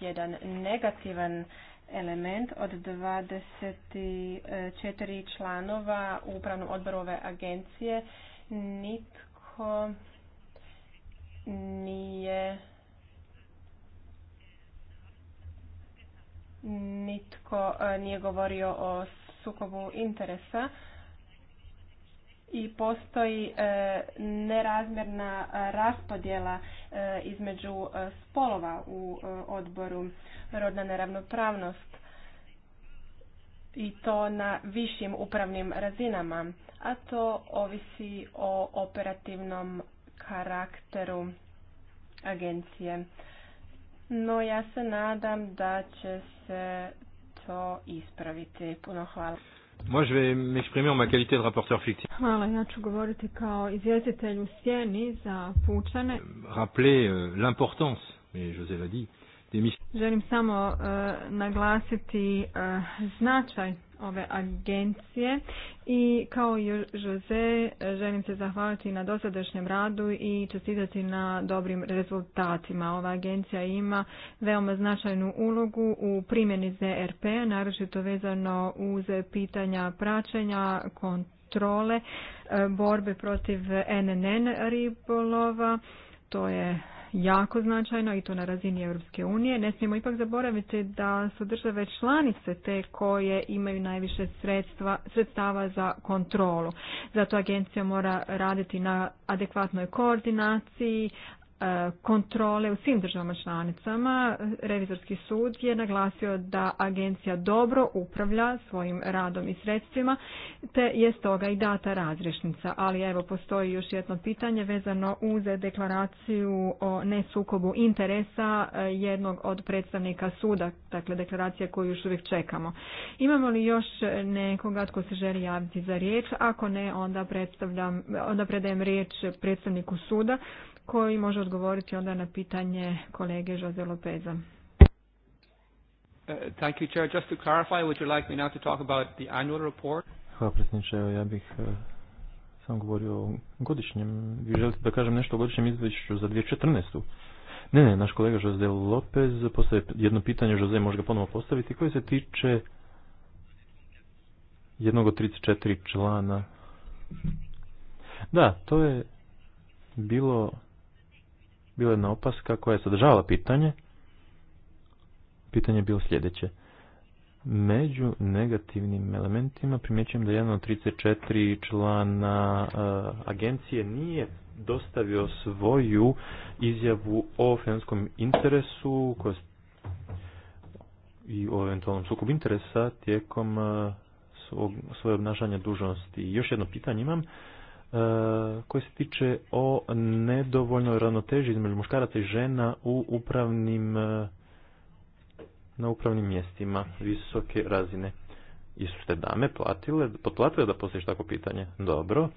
jedan negativan element od 24 članova u upravnom odboru ove agencije nitko nije nitko e, nije govorio o sukobu interesa i postoji e, nerazmjerna raspodjela e, između spolova u odboru rodna neravnopravnost i to na višim upravnim razinama, a to ovisi o operativnom karakteru agencije. No ja se nadam da će se to ispraviti. Puno hvala. Moi, je vais m'exprimer en ma qualité de rapporteur fictif. Hvala, ja ću govoriti kao izvjestitelj u sjeni za pučane. Euh, rappeler euh, l'importance, mais José l'a dit, Želim samo e, naglasiti e, značaj ove agencije i kao i Jose želim se zahvaliti na dosadašnjem radu i čestitati na dobrim rezultatima. Ova agencija ima veoma značajnu ulogu u primjeni ZRP, naročito vezano uz pitanja praćenja, kontrole, e, borbe protiv NNN ribolova, to je jako značajno i to na razini Europske unije. Ne smijemo ipak zaboraviti da su države članice te koje imaju najviše sredstva, sredstava za kontrolu. Zato agencija mora raditi na adekvatnoj koordinaciji, E, kontrole u svim državama članicama. Revizorski sud je naglasio da agencija dobro upravlja svojim radom i sredstvima, te je stoga i data razrešnica. Ali evo, postoji još jedno pitanje vezano uz deklaraciju o nesukobu interesa e, jednog od predstavnika suda, dakle deklaracija koju još uvijek čekamo. Imamo li još nekoga tko se želi javiti za riječ? Ako ne, onda, predstavljam, onda predajem riječ predstavniku suda koji može odgovoriti onda na pitanje kolege Jose Lopeza. Uh, thank you, Chair. Just to clarify, would you like me now to talk about the annual report? Hvala predsjedniče, ja bih uh, sam govorio o godišnjem, vi želite da kažem nešto o godišnjem izvješću za 2014. Ne, ne, naš kolega Jose Lopez postavio jedno pitanje, Jose može ga ponovo postaviti, koje se tiče jednog od 34 člana. Da, to je bilo bila jedna opaska koja je sadržavala pitanje. Pitanje je bilo sljedeće. Među negativnim elementima primjećujem da jedan od 34 člana eh, agencije nije dostavio svoju izjavu o finanskom interesu i o eventualnom sukobu interesa tijekom eh, svoje obnašanja dužnosti. Još jedno pitanje imam. E, koji se tiče o nedovoljnoj ravnoteži između muškaraca i žena u upravnim e, na upravnim mjestima visoke razine. I su dame platile, potplatile da postojiš tako pitanje? Dobro.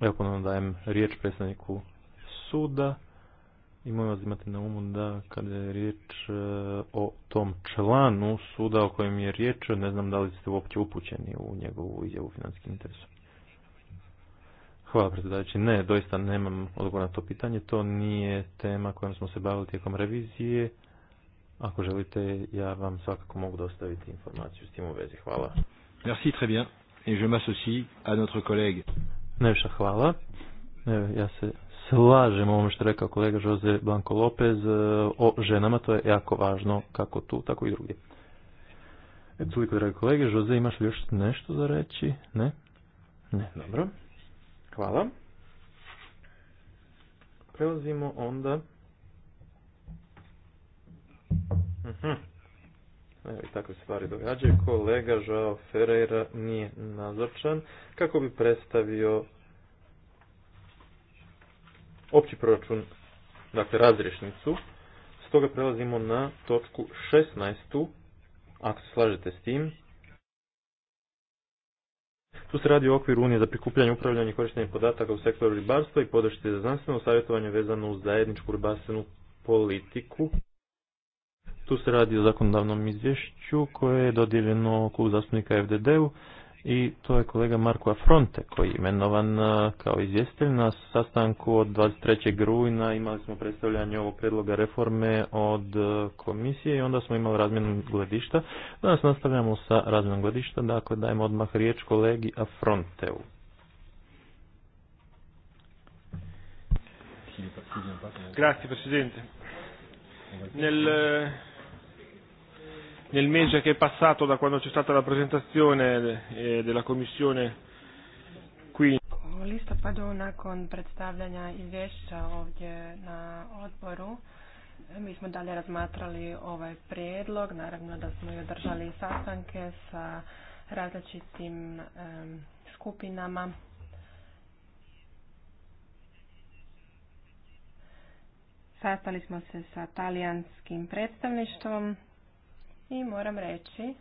Evo ponovno dajem riječ predstavniku suda i molim vas na umu da kada je riječ e, o tom članu suda o kojem je riječ, ne znam da li ste uopće upućeni u njegovu izjavu financijskim interesu. Hvala predsjedavajući. Ne, doista nemam odgovor na to pitanje. To nije tema kojom smo se bavili tijekom revizije. Ako želite, ja vam svakako mogu dostaviti informaciju s tim u vezi. Hvala. Merci, très bien. Et je m'associe à notre collègue. hvala. ja se slažem ovome što rekao kolega Jose Blanco Lopez e, o ženama, to je jako važno kako tu, tako i drugdje. E, toliko, dragi kolege, Jose, imaš li još nešto za reći? Ne? Ne, dobro. Hvala. Prelazimo onda... Mhm. Evo i takve stvari događaju. Kolega Joao Ferreira nije nazočan kako bi predstavio opći proračun, dakle razrješnicu. Stoga prelazimo na točku 16. Ako se slažete s tim. Tu se radi o okviru Unije za prikupljanje, upravljanje i korištenje podataka u sektoru ribarstva i podršite za znanstveno savjetovanje vezano uz zajedničku ribarstvenu politiku. Tu se radi o zakonodavnom izvješću koje je dodijeljeno klub zastupnika FDD-u i to je kolega Marko Afronte koji je imenovan e, kao izvjestitelj na sastanku od 23. rujna imali smo predstavljanje ovog predloga reforme od e, komisije i onda smo imali razmjenu gledišta. Danas nastavljamo sa razmjenom gledišta, dakle dajemo odmah riječ kolegi Afronteu. Grazie Presidente. Nel nel mese che è passato da quando c'è stata la presentazione e della Commissione qui. U listopadu nakon predstavljanja izvješća ovdje na odboru mi smo dalje razmatrali ovaj prijedlog. Naravno da smo i održali sastanke sa različitim skupinama. Sastali smo se sa talijanskim predstavništvom i moram reći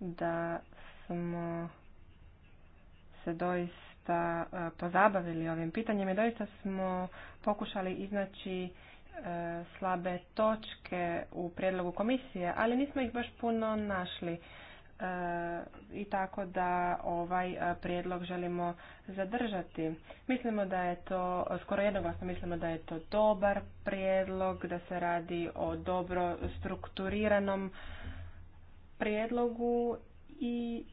da smo se doista e, pozabavili ovim pitanjem i doista smo pokušali iznaći e, slabe točke u predlogu komisije, ali nismo ih baš puno našli i tako da ovaj e, prijedlog želimo zadržati. Mislimo da je to, skoro jednoglasno mislimo da je to dobar prijedlog, da se radi o dobro strukturiranom prijedlogu i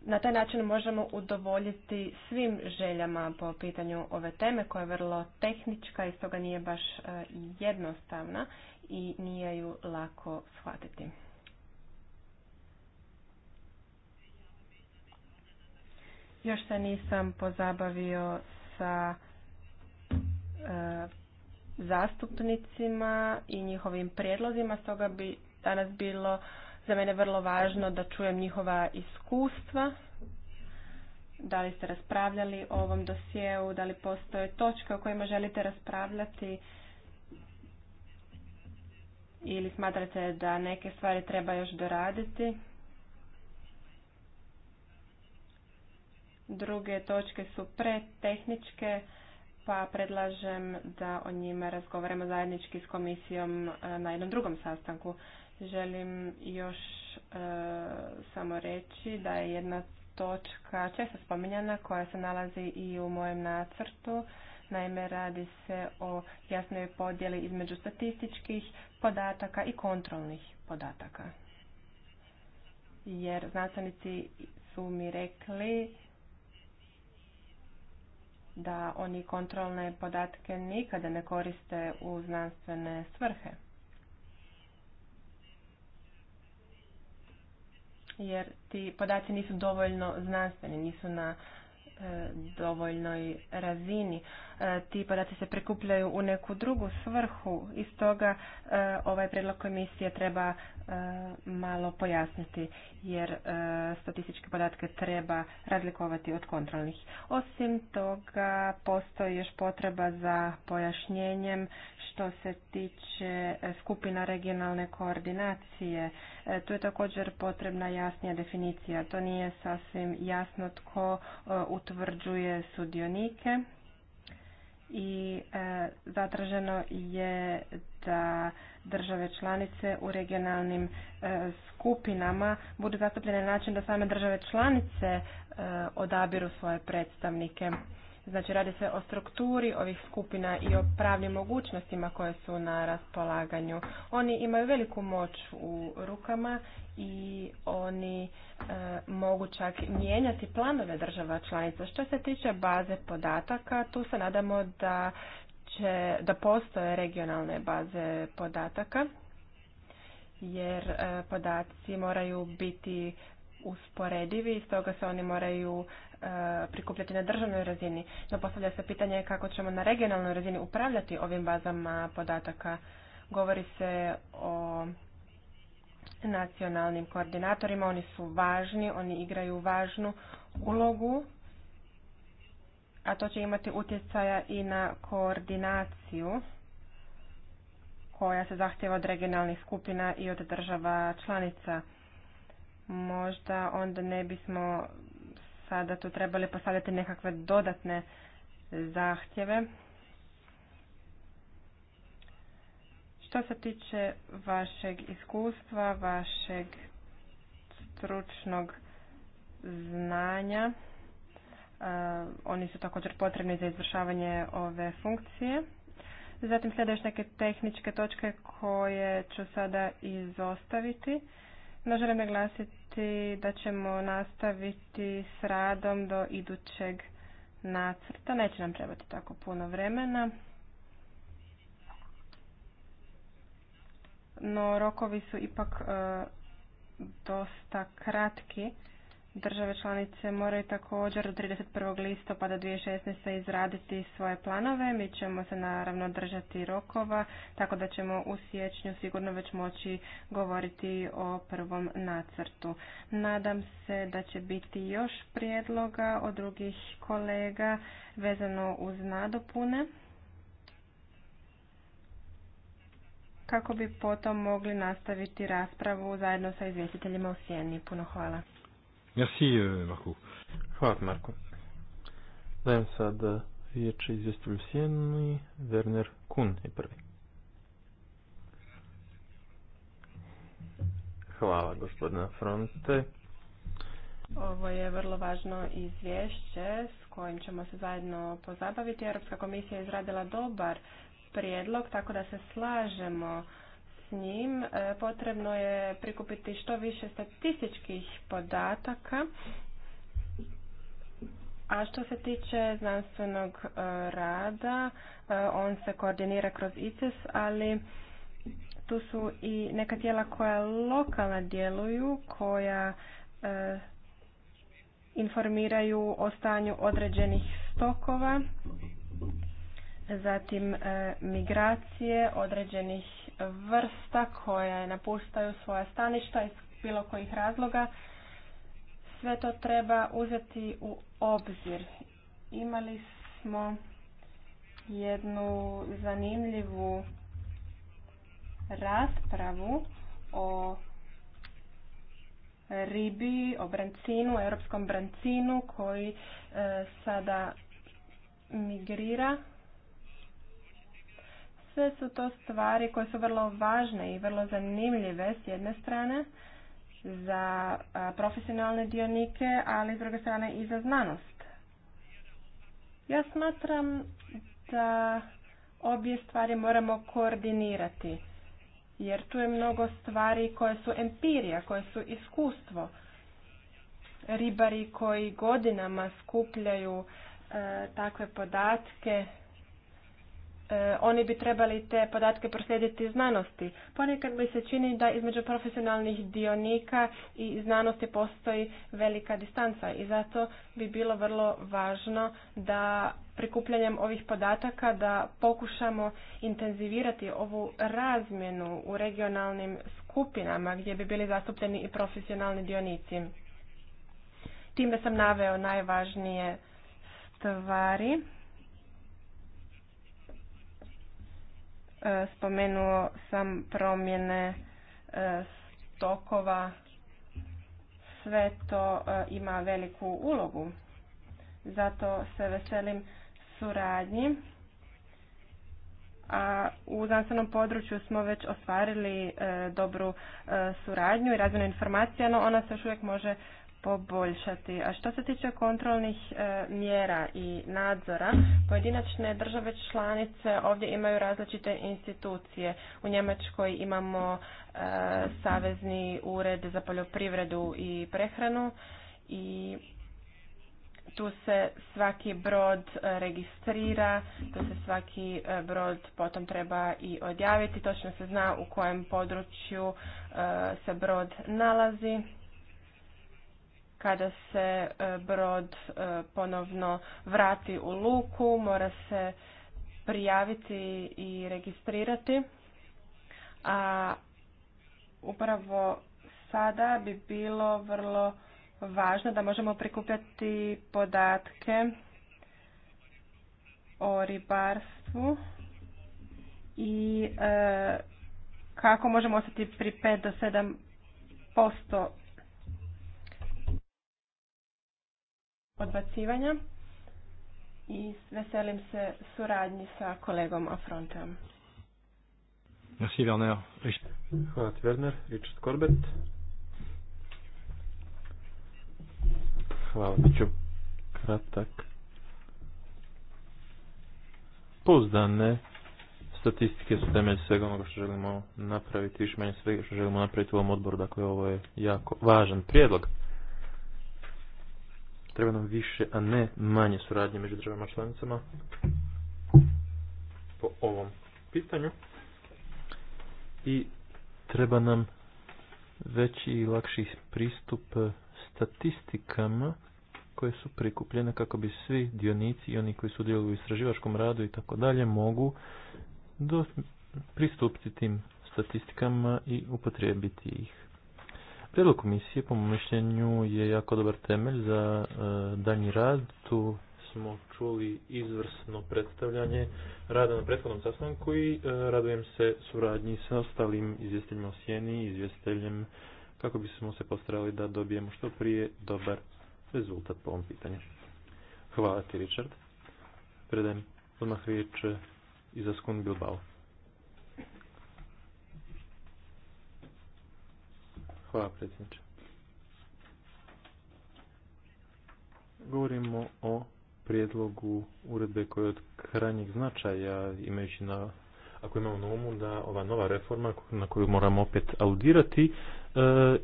na taj način možemo udovoljiti svim željama po pitanju ove teme koja je vrlo tehnička i stoga nije baš e, jednostavna i nije ju lako shvatiti. Još se nisam pozabavio sa e, zastupnicima i njihovim prijedlozima, stoga bi danas bilo za mene vrlo važno da čujem njihova iskustva. Da li ste raspravljali o ovom dosjeu, da li postoje točke o kojima želite raspravljati ili smatrate da neke stvari treba još doraditi. Druge točke su pretehničke, pa predlažem da o njima razgovaramo zajednički s komisijom e, na jednom drugom sastanku. Želim još e, samo reći da je jedna točka često spominjana koja se nalazi i u mojem nacrtu. Naime, radi se o jasnoj podjeli između statističkih podataka i kontrolnih podataka. Jer znanstvenici su mi rekli da oni kontrolne podatke nikada ne koriste u znanstvene svrhe. Jer ti podaci nisu dovoljno znanstveni, nisu na E, dovoljnoj razini. E, ti podaci se prikupljaju u neku drugu svrhu i stoga e, ovaj predlog komisije treba malo pojasniti jer statističke podatke treba razlikovati od kontrolnih. Osim toga postoji još potreba za pojašnjenjem što se tiče skupina regionalne koordinacije. Tu je također potrebna jasnija definicija. To nije sasvim jasno tko u utvrđuje sudionike i e, zatraženo je da države članice u regionalnim e, skupinama budu zastupljene na način da same države članice e, odabiru svoje predstavnike. Znači radi se o strukturi ovih skupina i o pravnim mogućnostima koje su na raspolaganju. Oni imaju veliku moć u rukama i oni e, mogu čak mijenjati planove država članica. Što se tiče baze podataka, tu se nadamo da će, da postoje regionalne baze podataka jer e, podaci moraju biti usporedivi, stoga se oni moraju prikupljati na državnoj razini, no postavlja se pitanje kako ćemo na regionalnoj razini upravljati ovim bazama podataka. Govori se o nacionalnim koordinatorima, oni su važni, oni igraju važnu ulogu, a to će imati utjecaja i na koordinaciju koja se zahtjeva od regionalnih skupina i od država članica. Možda onda ne bismo sada tu trebali postavljati nekakve dodatne zahtjeve. Što se tiče vašeg iskustva, vašeg stručnog znanja, e, oni su također potrebni za izvršavanje ove funkcije. Zatim slijede još neke tehničke točke koje ću sada izostaviti. No želim naglasiti najaviti da ćemo nastaviti s radom do idućeg nacrta. Neće nam trebati tako puno vremena. No, rokovi su ipak e, dosta kratki. Države članice moraju također do 31. listopada 2016. izraditi svoje planove. Mi ćemo se naravno držati rokova, tako da ćemo u siječnju sigurno već moći govoriti o prvom nacrtu. Nadam se da će biti još prijedloga od drugih kolega vezano uz nadopune. kako bi potom mogli nastaviti raspravu zajedno sa izvjestiteljima u Sjeni. Puno hvala. Merci, euh, Marko. Hvala, Marko. Dajem sad eh, riječ izvjestilju Sjeni, Werner Kun je prvi. Hvala, gospodina Fronte. Ovo je vrlo važno izvješće s kojim ćemo se zajedno pozabaviti. Europska komisija je izradila dobar prijedlog, tako da se slažemo njim, e, potrebno je prikupiti što više statističkih podataka. A što se tiče znanstvenog e, rada, e, on se koordinira kroz ICES, ali tu su i neka tijela koja lokalno djeluju, koja informiraju o stanju određenih stokova, zatim migracije određenih vrsta koje napuštaju svoja staništa iz bilo kojih razloga. Sve to treba uzeti u obzir. Imali smo jednu zanimljivu raspravu o ribi, o brancinu, europskom brancinu koji e, sada migrira sve su to stvari koje su vrlo važne i vrlo zanimljive s jedne strane za profesionalne dionike, ali s druge strane i za znanost. Ja smatram da obje stvari moramo koordinirati, jer tu je mnogo stvari koje su empirija, koje su iskustvo. Ribari koji godinama skupljaju takve podatke E, oni bi trebali te podatke proslijediti znanosti. Ponekad mi se čini da između profesionalnih dionika i znanosti postoji velika distanca i zato bi bilo vrlo važno da prikupljanjem ovih podataka da pokušamo intenzivirati ovu razmjenu u regionalnim skupinama gdje bi bili zastupljeni i profesionalni dionici. Time sam naveo najvažnije stvari. E, spomenuo sam promjene e, stokova. Sve to e, ima veliku ulogu. Zato se veselim suradnji. A u znanstvenom području smo već ostvarili dobru suradnju i razmjenu informaciju, no ona se još uvijek može poboljšati. A što se tiče kontrolnih e, mjera i nadzora, pojedinačne države članice ovdje imaju različite institucije. U Njemačkoj imamo e, Savezni ured za poljoprivredu i prehranu i tu se svaki brod registrira, tu se svaki e, brod potom treba i odjaviti, točno se zna u kojem području se brod nalazi kada se e, brod e, ponovno vrati u luku, mora se prijaviti i registrirati. A upravo sada bi bilo vrlo važno da možemo prikupljati podatke o ribarstvu i e, kako možemo ostati pri 5 do 7 posto odbacivanja i veselim se suradnji sa kolegom Afrontom. Merci Werner. Hvala ti Werner. Richard Corbett. Hvala, bit ću kratak. Pouzdane statistike su temelj svega onoga što želimo napraviti, više manje svega što želimo napraviti u ovom odboru, dakle ovo je jako važan prijedlog. Treba nam više, a ne manje suradnje među državama članicama po ovom pitanju. I treba nam veći i lakši pristup statistikama koje su prikupljene kako bi svi dionici i oni koji sudjeluju u istraživačkom radu i tako dalje mogu do, pristupiti tim statistikama i upotrijebiti ih. Prijedlog komisije, po mom mišljenju, je jako dobar temelj za e, danji rad. Tu smo čuli izvrsno predstavljanje rada na prethodnom sastanku i e, radujem se suradnji sa ostalim izvjestiteljima o Sjeni izvjestiteljem kako bismo se postarali da dobijemo što prije dobar rezultat po ovom pitanju. Hvala ti, Richard. Predajem odmah riječ Skun Bilbao. Hvala predsjedniče. Govorimo o prijedlogu uredbe koja je od krajnjeg značaja imajući na ako imamo na umu da ova nova reforma na koju moramo opet audirati e,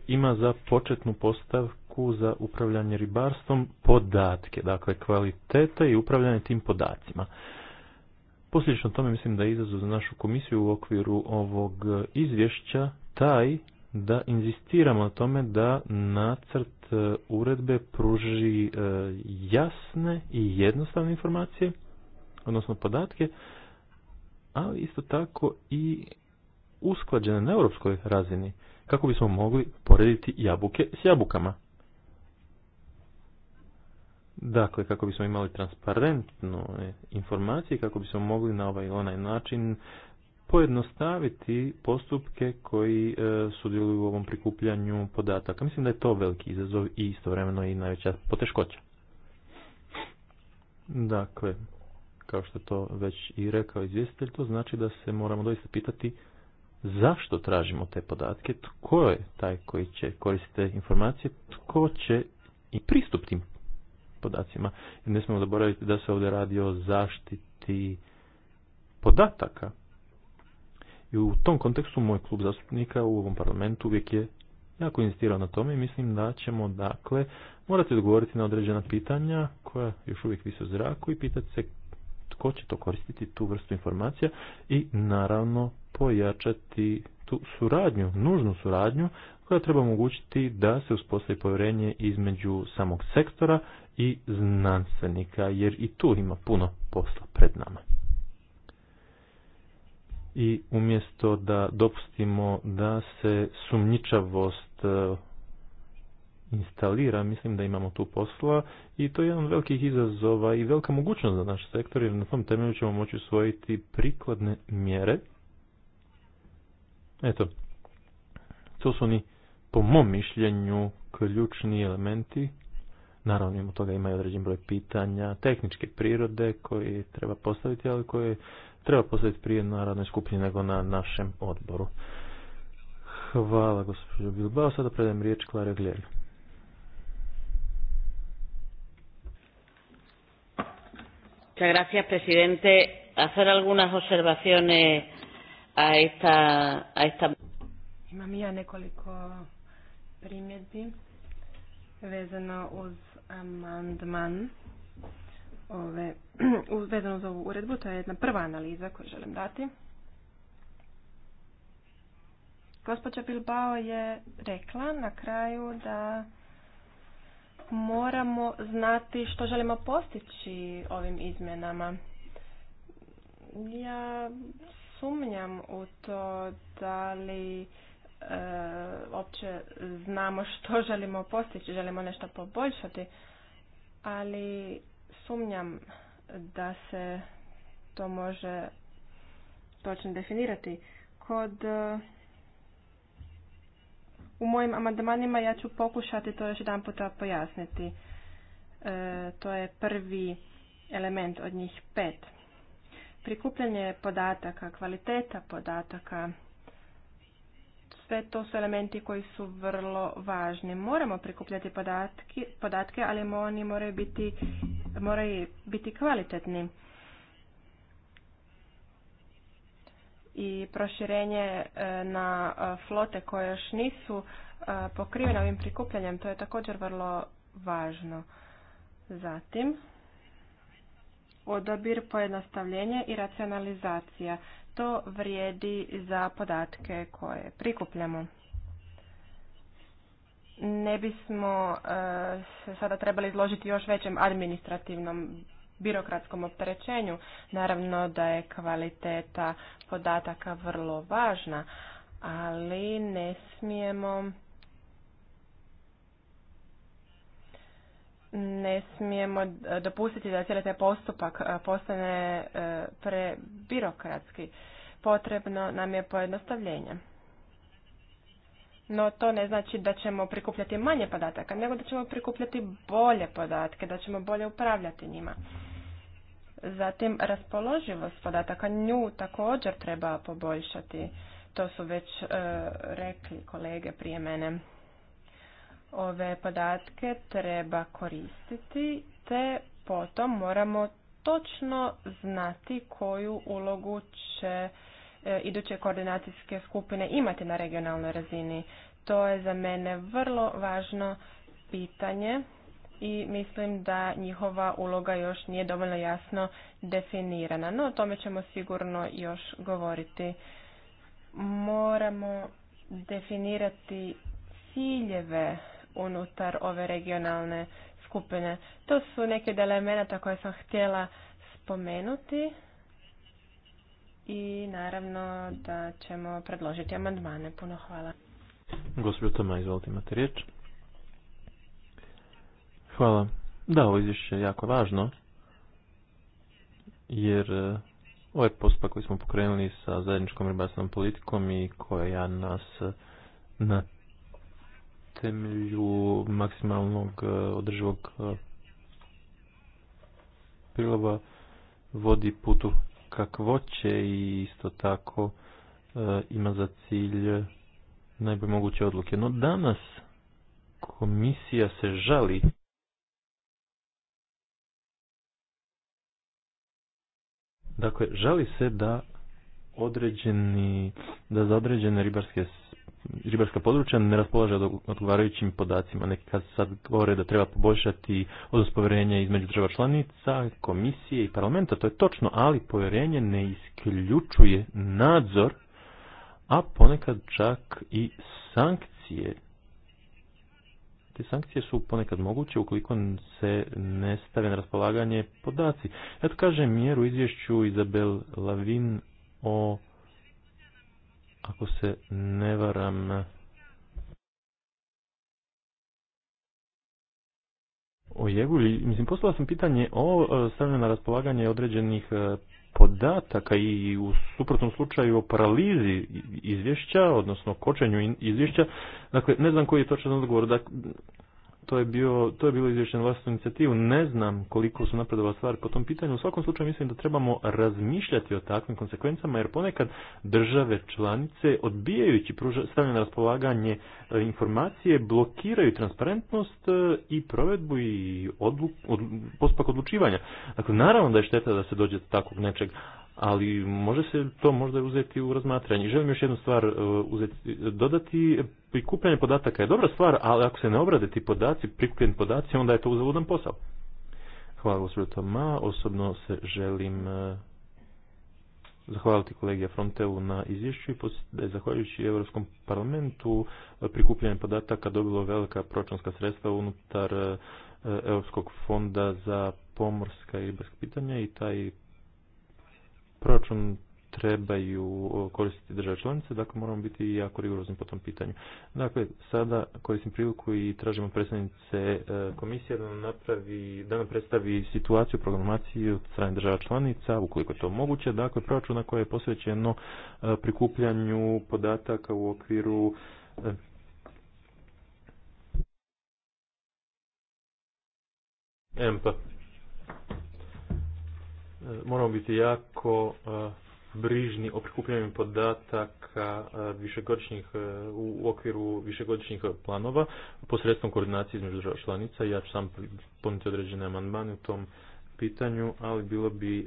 ima za početnu postavku za upravljanje ribarstvom podatke, dakle kvaliteta i upravljanje tim podacima. Posljedično tome mislim da je izazov za našu komisiju u okviru ovog izvješća taj da inzistiramo na tome da nacrt e, uredbe pruži e, jasne i jednostavne informacije, odnosno podatke, ali isto tako i usklađene na europskoj razini, kako bismo mogli porediti jabuke s jabukama. Dakle, kako bismo imali transparentnu informacije, kako bismo mogli na ovaj onaj način pojednostaviti postupke koji e, sudjeluju u ovom prikupljanju podataka. Mislim da je to veliki izazov i istovremeno i najveća poteškoća. Dakle, kao što je to već i rekao izvjestitelj, to znači da se moramo doista pitati zašto tražimo te podatke, tko je taj koji će koristiti informacije, tko će i pristup tim podacima. Ne smemo zaboraviti da se ovdje radi o zaštiti podataka. I u tom kontekstu moj klub zastupnika u ovom parlamentu uvijek je jako insistirao na tome i mislim da ćemo dakle morati odgovoriti na određena pitanja koja još uvijek visu zraku i pitati se tko će to koristiti tu vrstu informacija i naravno pojačati tu suradnju, nužnu suradnju koja treba omogućiti da se uspostavi povjerenje između samog sektora i znanstvenika jer i tu ima puno posla pred nama i umjesto da dopustimo da se sumnjičavost e, instalira, mislim da imamo tu posla i to je jedan od velikih izazova i velika mogućnost za naš sektor jer na tom temelju ćemo moći usvojiti prikladne mjere. Eto, to su oni po mom mišljenju ključni elementi. Naravno, imamo toga ima i određen broj pitanja tehničke prirode koje treba postaviti, ali koje treba postaviti prije na radnoj skupini nego na našem odboru. Hvala gospođo Bilbao, sada predajem riječ Klare Gljevi. Muchas gracias, presidente. Hacer algunas observaciones a esta, a esta... mi ja nekoliko primjedbi vezano uz amandman ove, vezano za ovu uredbu, to je jedna prva analiza koju želim dati. Gospođa Bilbao je rekla na kraju da moramo znati što želimo postići ovim izmjenama. Ja sumnjam u to da li e, opće znamo što želimo postići, želimo nešto poboljšati, ali sumnjam da se to može točno definirati. Kod e, u mojim amandmanima ja ću pokušati to još jedan puta pojasniti. E, to je prvi element od njih pet. Prikupljanje podataka, kvaliteta podataka, sve dakle, to su elementi koji su vrlo važni. Moramo prikupljati podatke, ali oni moraju biti, moraju biti kvalitetni. I proširenje e, na e, flote koje još nisu e, pokrivene ovim prikupljanjem, to je također vrlo važno. Zatim, odabir, pojednostavljenje i racionalizacija to vrijedi za podatke koje prikupljamo. Ne bismo e, se sada trebali izložiti još većem administrativnom birokratskom opterećenju. Naravno da je kvaliteta podataka vrlo važna, ali ne smijemo ne smijemo dopustiti da cijeli taj postupak e, postane e, prebirokratski. Potrebno nam je pojednostavljenje. No to ne znači da ćemo prikupljati manje podataka, nego da ćemo prikupljati bolje podatke, da ćemo bolje upravljati njima. Zatim raspoloživost podataka nju također treba poboljšati. To su već e, rekli kolege prije mene ove podatke treba koristiti te potom moramo točno znati koju ulogu će e, iduće koordinacijske skupine imati na regionalnoj razini. To je za mene vrlo važno pitanje i mislim da njihova uloga još nije dovoljno jasno definirana. No o tome ćemo sigurno još govoriti. Moramo definirati ciljeve unutar ove regionalne skupine. To su neke od elemenata koje sam htjela spomenuti i naravno da ćemo predložiti amandmane. Puno hvala. Gospodin Toma, izvolite imate riječ. Hvala. Da, ovo izvješće je jako važno, jer e, ovaj postupak koji smo pokrenuli sa zajedničkom ribasnom politikom i koja nas e, na temelju maksimalnog e, održivog e, prilova vodi putu će i isto tako e, ima za cilj najbolje moguće odluke. No danas komisija se žali Dakle, žali se da određeni, da za određene ribarske ribarska područja ne raspolaže odgovarajućim podacima. Neki kad sad govore da treba poboljšati odnos povjerenja između država članica, komisije i parlamenta, to je točno, ali povjerenje ne isključuje nadzor, a ponekad čak i sankcije. Te sankcije su ponekad moguće ukoliko se ne stave na raspolaganje podaci. Eto kaže mjeru izvješću Izabel Lavin o ako se ne varam, o Jegulji, mislim, poslala sam pitanje o e, stavljanju na raspolaganje određenih e, podataka i u suprotnom slučaju o paralizi izvješća, odnosno kočenju izvješća. Dakle, ne znam koji je točan odgovor. Dakle, to je, to je bilo izvješće na vlastnu inicijativu. Ne znam koliko su napredova stvari po tom pitanju. U svakom slučaju mislim da trebamo razmišljati o takvim konsekvencama, jer ponekad države članice, odbijajući stavljanje na raspolaganje e, informacije, blokiraju transparentnost e, i provedbu i odlu, od, postupak odlučivanja. Dakle, naravno da je šteta da se dođe do takvog nečeg, ali može se to možda uzeti u razmatranje. Želim još jednu stvar e, uzeti, dodati, prikupljanje podataka je dobra stvar, ali ako se ne obrade ti podaci, prikupljeni podaci, onda je to uzavudan posao. Hvala gospodinu Toma, osobno se želim e, zahvaliti kolegi Fronteu na izvješću i da je zahvaljujući Europskom parlamentu e, prikupljanje podataka dobilo velika proračunska sredstva unutar Europskog fonda za pomorska i ribarska pitanja i taj proračun trebaju koristiti države članice, dakle moramo biti jako rigorozni po tom pitanju. Dakle, sada koristim priliku i tražimo predstavnice e, komisije da nam, napravi, da nam predstavi situaciju programaciju od strane država članica, ukoliko je to moguće, dakle proračuna koje je posvećeno e, prikupljanju podataka u okviru e, MPA moramo biti jako e, brižni o prikupljanju podataka e, višegodišnjih e, u okviru višegodišnjih planova posredstvom koordinacije između država članica. Ja ću sam poniti određene amandmane u tom pitanju, ali bilo bi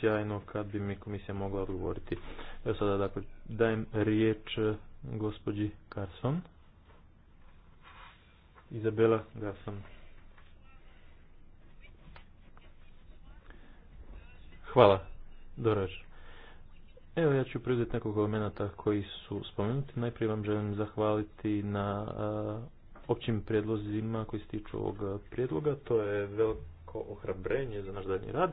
sjajno kad bi mi komisija mogla odgovoriti. Evo sada dakle dajem riječ gospođi Carson. Izabela Gasson. Hvala, Doraž. Evo ja ću preuzeti nekoliko elemenata koji su spomenuti. Najprije vam želim zahvaliti na općim prijedlozima koji se tiču ovog prijedloga. To je veliko ohrabrenje za naš rad.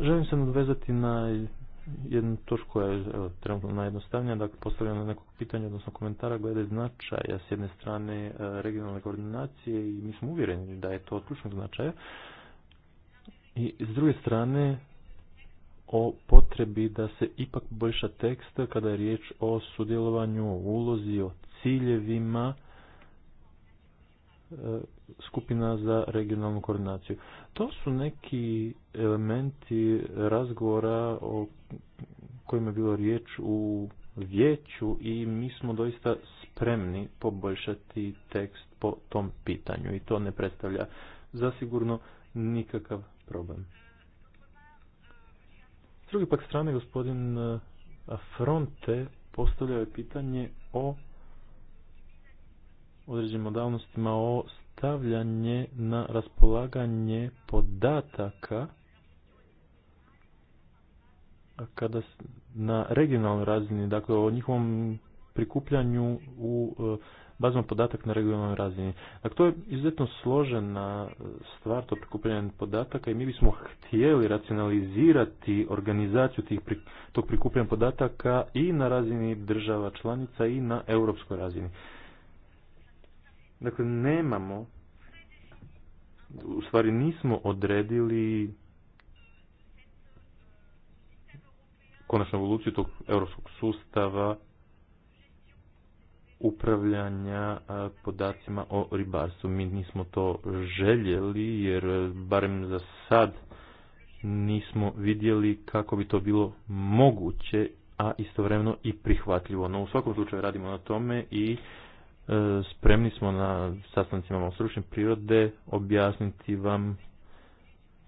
Želim se nadvezati na jednu točku koja je evo, trenutno najjednostavnija, dakle postavljam na nekog pitanja, odnosno komentara glede značaja s jedne strane e, regionalne koordinacije i mi smo uvjereni da je to od ključnog značaja. I s druge strane o potrebi da se ipak poboljša tekst kada je riječ o sudjelovanju, o ulozi, o ciljevima e, skupina za regionalnu koordinaciju. To su neki elementi razgovora o kojima je bilo riječ u vijeću i mi smo doista spremni poboljšati tekst po tom pitanju i to ne predstavlja zasigurno nikakav problem druge pak strane, gospodin eh, Fronte postavljao je pitanje o određenim odavnostima o stavljanje na raspolaganje podataka kada na regionalnoj razini, dakle o njihovom prikupljanju u eh, bazama podatak na regionalnoj razini. Dakle, to je izuzetno složena e, stvar, to prikupljanje podataka i mi bismo htjeli racionalizirati organizaciju tih, tog prikupljanja podataka i na razini država članica i na europskoj razini. Dakle, nemamo, u stvari nismo odredili konačnu evoluciju tog europskog sustava upravljanja podacima o ribarstvu. Mi nismo to željeli jer e, barem za sad nismo vidjeli kako bi to bilo moguće, a istovremeno i prihvatljivo. No u svakom slučaju radimo na tome i e, spremni smo na sastancima u stručne prirode objasniti vam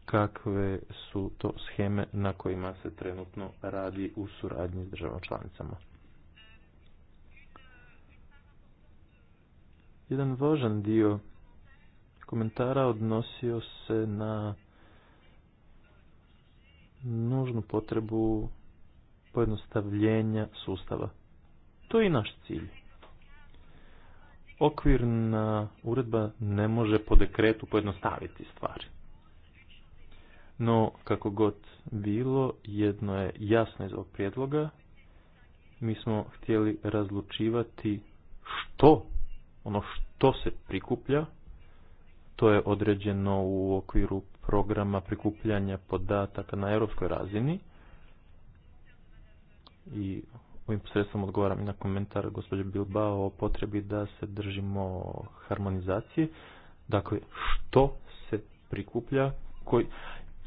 kakve su to scheme na kojima se trenutno radi u suradnji s državama članicama. Jedan važan dio komentara odnosio se na nužnu potrebu pojednostavljenja sustava. To je i naš cilj. Okvirna uredba ne može po dekretu pojednostaviti stvari. No, kako god bilo, jedno je jasno iz ovog prijedloga. Mi smo htjeli razlučivati što ono što se prikuplja, to je određeno u okviru programa prikupljanja podataka na europskoj razini i ovim sredstvom odgovaram i na komentar gospođe Bilbao o potrebi da se držimo harmonizacije. Dakle, što se prikuplja koji,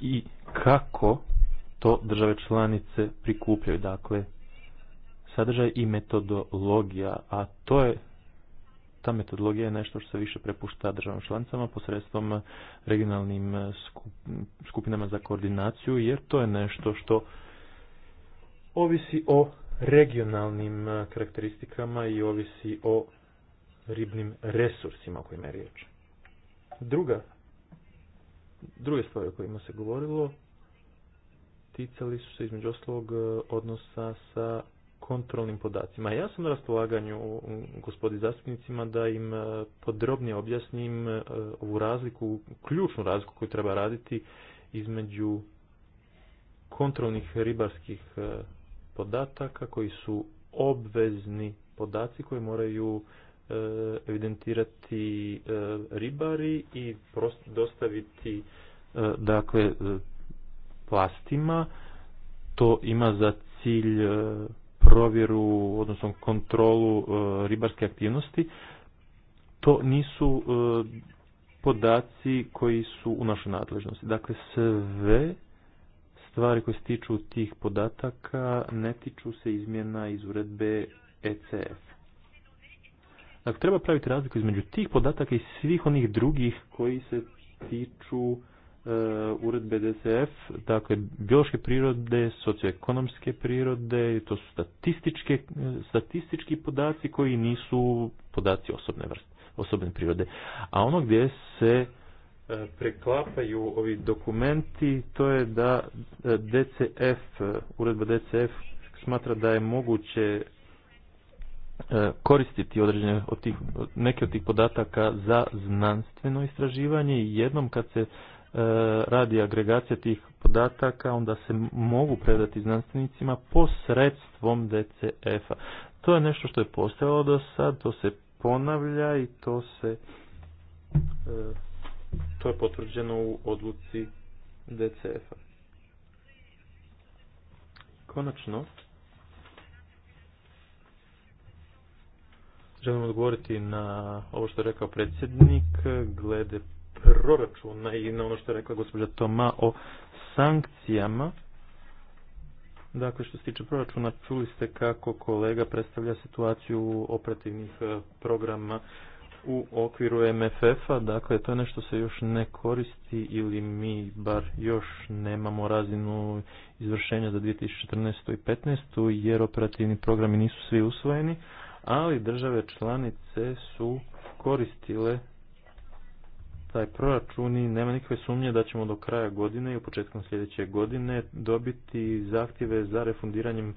i kako to države članice prikupljaju. Dakle, sadržaj i metodologija, a to je ta metodologija je nešto što se više prepušta državnim članicama posredstvom regionalnim skupinama za koordinaciju, jer to je nešto što ovisi o regionalnim karakteristikama i ovisi o ribnim resursima o kojima je riječ. Druga, druge stvari o kojima se govorilo ticali su se između ostalog odnosa sa kontrolnim podacima. Ja sam na raspolaganju gospodi zastupnicima da im e, podrobnije objasnim e, ovu razliku, ključnu razliku koju treba raditi između kontrolnih ribarskih e, podataka koji su obvezni podaci koji moraju evidentirati ribari i dostaviti dakle plastima to ima za cilj provjeru, odnosno kontrolu e, ribarske aktivnosti, to nisu e, podaci koji su u našoj nadležnosti. Dakle, sve stvari koje se tiču tih podataka ne tiču se izmjena iz uredbe ECF. Dakle, treba praviti razliku između tih podataka i svih onih drugih koji se tiču E, uredbe DCF, dakle biološke prirode, socioekonomske prirode, to su statističke, e, statistički podaci koji nisu podaci osobne vrste, osobne prirode. A ono gdje se e, preklapaju ovi dokumenti, to je da DCF, uredba DCF smatra da je moguće koristiti određene od tih, neke od tih podataka za znanstveno istraživanje i jednom kad se E, radi agregacija tih podataka, onda se mogu predati znanstvenicima posredstvom DCF-a. To je nešto što je postojalo do sad, to se ponavlja i to se e, to je potvrđeno u odluci DCF-a. Konačno, želim odgovoriti na ovo što je rekao predsjednik glede proračuna i na ono što je rekla gospođa Toma o sankcijama. Dakle, što se tiče proračuna, čuli ste kako kolega predstavlja situaciju operativnih e, programa u okviru MFF-a, dakle to je nešto se još ne koristi ili mi bar još nemamo razinu izvršenja za 2014. i 2015. jer operativni programi nisu svi usvojeni, ali države članice su koristile taj proračun i nema nikakve sumnje da ćemo do kraja godine i u početkom sljedeće godine dobiti zahtjeve za refundiranjem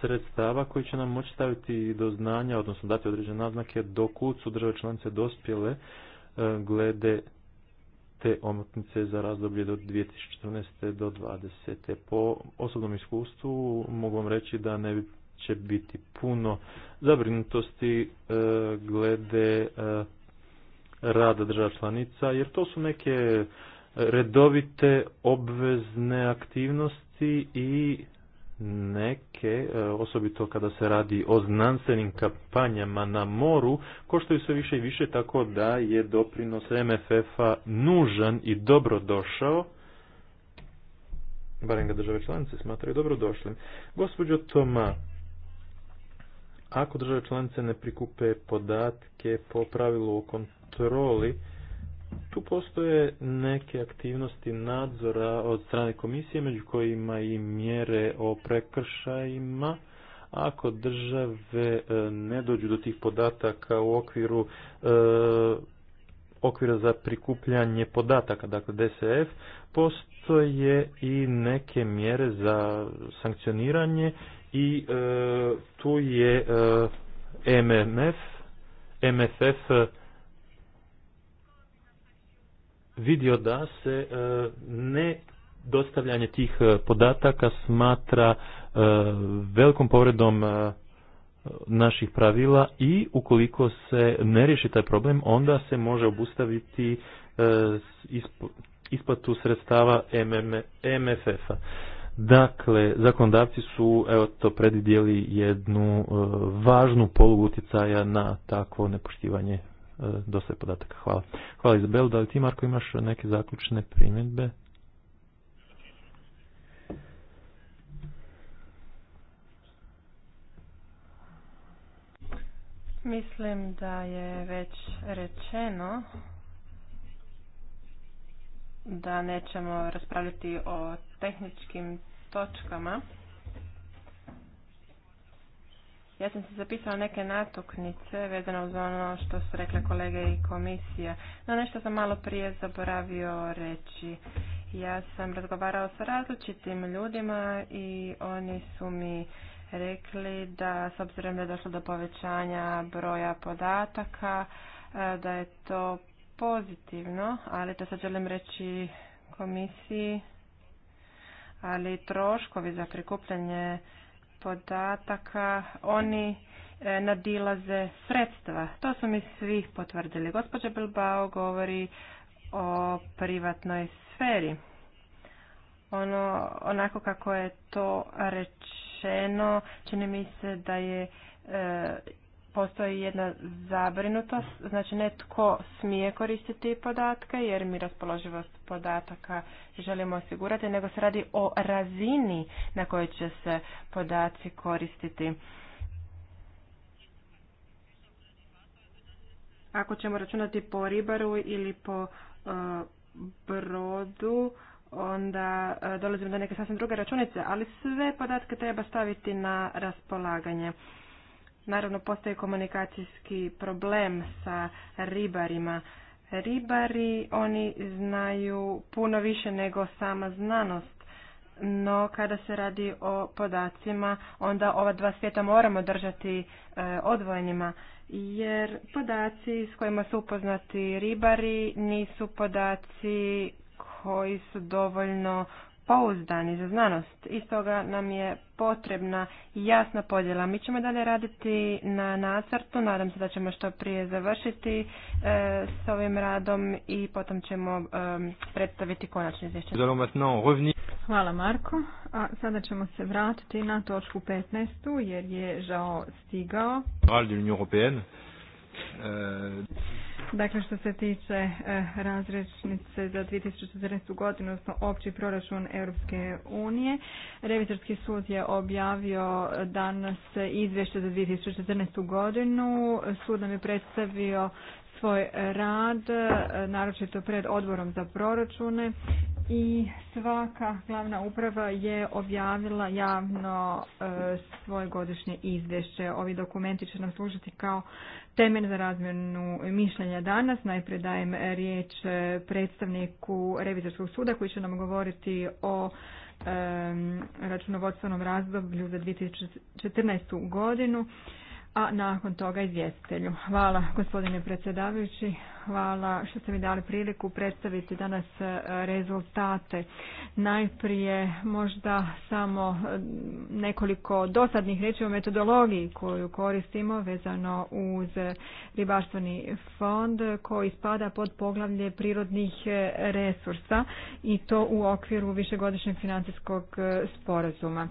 sredstava koji će nam moći staviti do znanja, odnosno dati određene naznake do kud su države članice dospjele e, glede te omotnice za razdoblje do 2014. do 2020. Po osobnom iskustvu mogu vam reći da ne biti puno zabrinutosti e, glede e, rada država članica, jer to su neke redovite obvezne aktivnosti i neke, e, osobito kada se radi o znanstvenim kampanjama na moru, koštaju sve više i više tako da je doprinos MFF-a nužan i dobrodošao, barem ga države članice smatraju dobrodošlim. Gospođo Toma, ako države članice ne prikupe podatke po pravilu o kontaktu, kontroli, tu postoje neke aktivnosti nadzora od strane komisije, među kojima i mjere o prekršajima. Ako države e, ne dođu do tih podataka u okviru e, okvira za prikupljanje podataka, dakle DSF, postoje i neke mjere za sankcioniranje i e, tu je MMF, MFF vidio da se e, ne dostavljanje tih e, podataka smatra e, velikom povredom naših pravila i ukoliko se ne riješi taj problem onda se može obustaviti isplatu sredstava MFF-a. Dakle, zakonodavci su evo to predvidjeli jednu važnu polugu utjecaja na takvo nepoštivanje E, dosta je podataka. Hvala. Hvala Izabel. Da li ti Marko imaš neke zaključne primjedbe? Mislim da je već rečeno da nećemo raspravljati o tehničkim točkama. Ja sam se zapisala neke natuknice vezano uz ono što su rekle kolege i komisija. No nešto sam malo prije zaboravio reći. Ja sam razgovarao sa različitim ljudima i oni su mi rekli da s obzirom da je došlo do povećanja broja podataka, e, da je to pozitivno, ali to sad želim reći komisiji, ali troškovi za prikupljanje podataka oni e, nadilaze sredstva. To su mi svi potvrdili. Gospođa Bilbao govori o privatnoj sferi. Ono, onako kako je to rečeno, čini mi se da je e, postoji jedna zabrinutost, znači netko smije koristiti podatke jer mi raspoloživost podataka želimo osigurati, nego se radi o razini na kojoj će se podaci koristiti. Ako ćemo računati po ribaru ili po e, brodu, onda e, dolazimo do neke sasvim druge računice, ali sve podatke treba staviti na raspolaganje. Naravno, postoji komunikacijski problem sa ribarima. Ribari, oni znaju puno više nego sama znanost, no kada se radi o podacima, onda ova dva svijeta moramo držati e, odvojenima, jer podaci s kojima su upoznati ribari nisu podaci koji su dovoljno pouzdani za znanost i toga nam je potrebna jasna podjela. Mi ćemo dalje raditi na nacrtu, nadam se da ćemo što prije završiti e, s ovim radom i potom ćemo e, predstaviti konačni izvješće. Hvala Marko, a sada ćemo se vratiti na točku 15. jer je žao stigao. Hvala Dakle, što se tiče eh, razrečnice za 2014. godinu, odnosno opći proračun Europske unije, Revizorski sud je objavio danas izvješće za 2014. godinu. Sud nam je predstavio svoj rad, eh, naročito pred odborom za proračune i svaka glavna uprava je objavila javno e, svoje godišnje izvješće. Ovi dokumenti će nam služiti kao temelj za razmjenu mišljenja danas. Najprije dajem riječ e, predstavniku Revizorskog suda koji će nam govoriti o e, računovodstvenom razdoblju za 2014. godinu a nakon toga izvjestitelju. Hvala gospodine predsjedavajući, hvala što ste mi dali priliku predstaviti danas e, rezultate. Najprije možda samo e, nekoliko dosadnih riječi o metodologiji koju koristimo vezano uz ribarstveni fond koji spada pod poglavlje prirodnih e, resursa i to u okviru višegodišnjeg financijskog sporazuma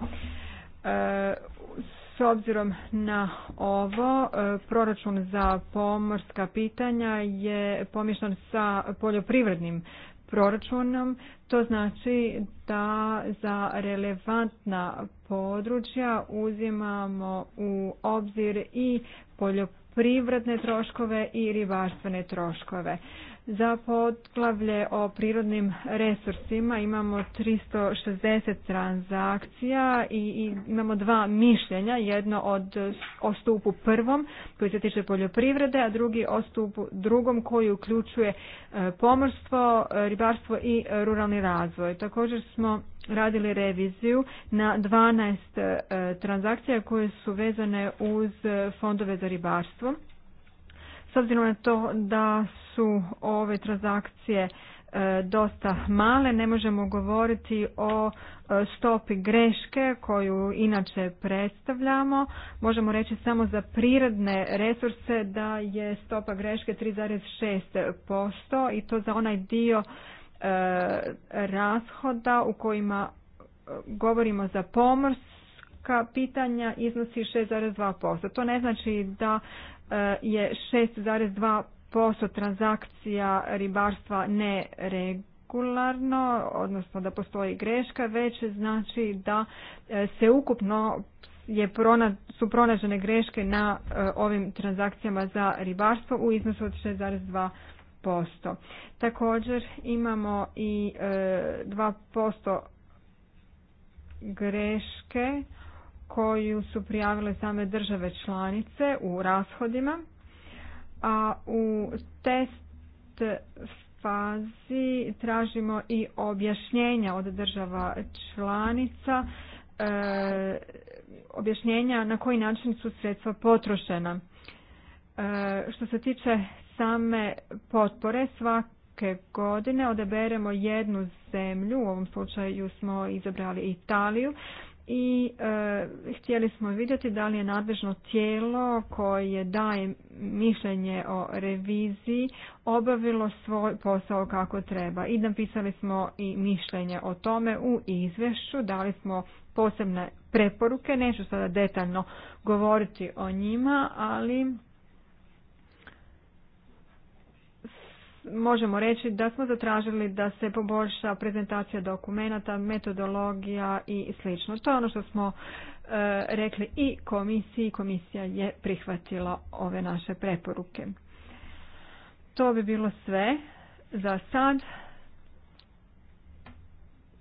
s obzirom na ovo, e, proračun za pomorska pitanja je pomješan sa poljoprivrednim proračunom. To znači da za relevantna područja uzimamo u obzir i poljoprivredne troškove i ribarstvene troškove. Za podglavlje o prirodnim resursima imamo 360 transakcija i imamo dva mišljenja, jedno od, o stupu prvom koji se tiče poljoprivrede, a drugi o stupu drugom koji uključuje e, pomorstvo, ribarstvo i ruralni razvoj. Također smo radili reviziju na 12 e, transakcija koje su vezane uz e, fondove za ribarstvo. S obzirom na to da su ove transakcije e, dosta male, ne možemo govoriti o e, stopi greške koju inače predstavljamo. Možemo reći samo za prirodne resurse da je stopa greške 3,6% i to za onaj dio e, rashoda u kojima govorimo za pomorska pitanja iznosi 6,2%. To ne znači da Eh, je 6,2% transakcija ribarstva neregularno, odnosno da postoji greška, već znači da eh, se ukupno je prona, su pronažene greške na eh, ovim transakcijama za ribarstvo u iznosu od 6,2%. Također imamo i 2% greške koju su prijavile same države članice u rashodima, a u test fazi tražimo i objašnjenja od država članica, e, objašnjenja na koji način su sredstva potrošena. E, što se tiče same potpore, svake godine odaberemo jednu zemlju, u ovom slučaju smo izabrali Italiju, i e, htjeli smo vidjeti da li je nadležno tijelo koje daje mišljenje o reviziji obavilo svoj posao kako treba i napisali smo i mišljenje o tome u izvješću dali smo posebne preporuke neću sada detaljno govoriti o njima ali možemo reći da smo zatražili da se poboljša prezentacija dokumenata, metodologija i slično. To je ono što smo e, rekli i komisiji. Komisija je prihvatila ove naše preporuke. To bi bilo sve za sad.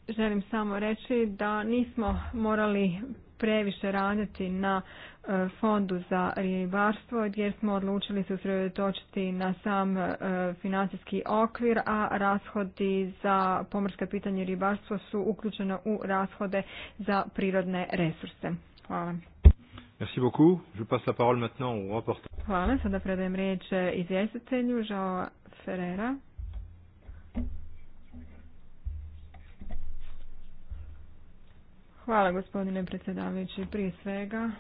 Želim samo reći da nismo morali previše raditi na E, fondu za ribarstvo gdje smo odlučili se usredotočiti na sam e, financijski okvir, a rashodi za pomorska pitanje ribarstva ribarstvo su uključena u rashode za prirodne resurse. Hvala. Merci beaucoup. Je passe la parole maintenant au rapporteur. Hvala, sada predajem riječ izvjestitelju Ferreira. Hvala gospodine predsjedavajući. Prije svega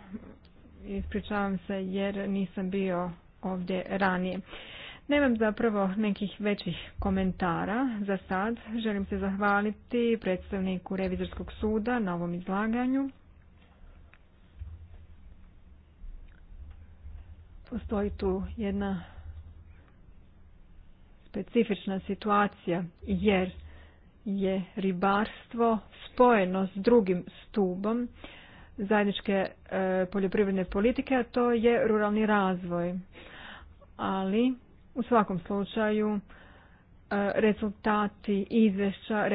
Ispričavam se jer nisam bio ovdje ranije. Nemam zapravo nekih većih komentara za sad. Želim se zahvaliti predstavniku Revizorskog suda na ovom izlaganju. Postoji tu jedna specifična situacija jer je ribarstvo spojeno s drugim stubom zajedničke e, poljoprivredne politike, a to je ruralni razvoj. Ali u svakom slučaju e, rezultati izvješća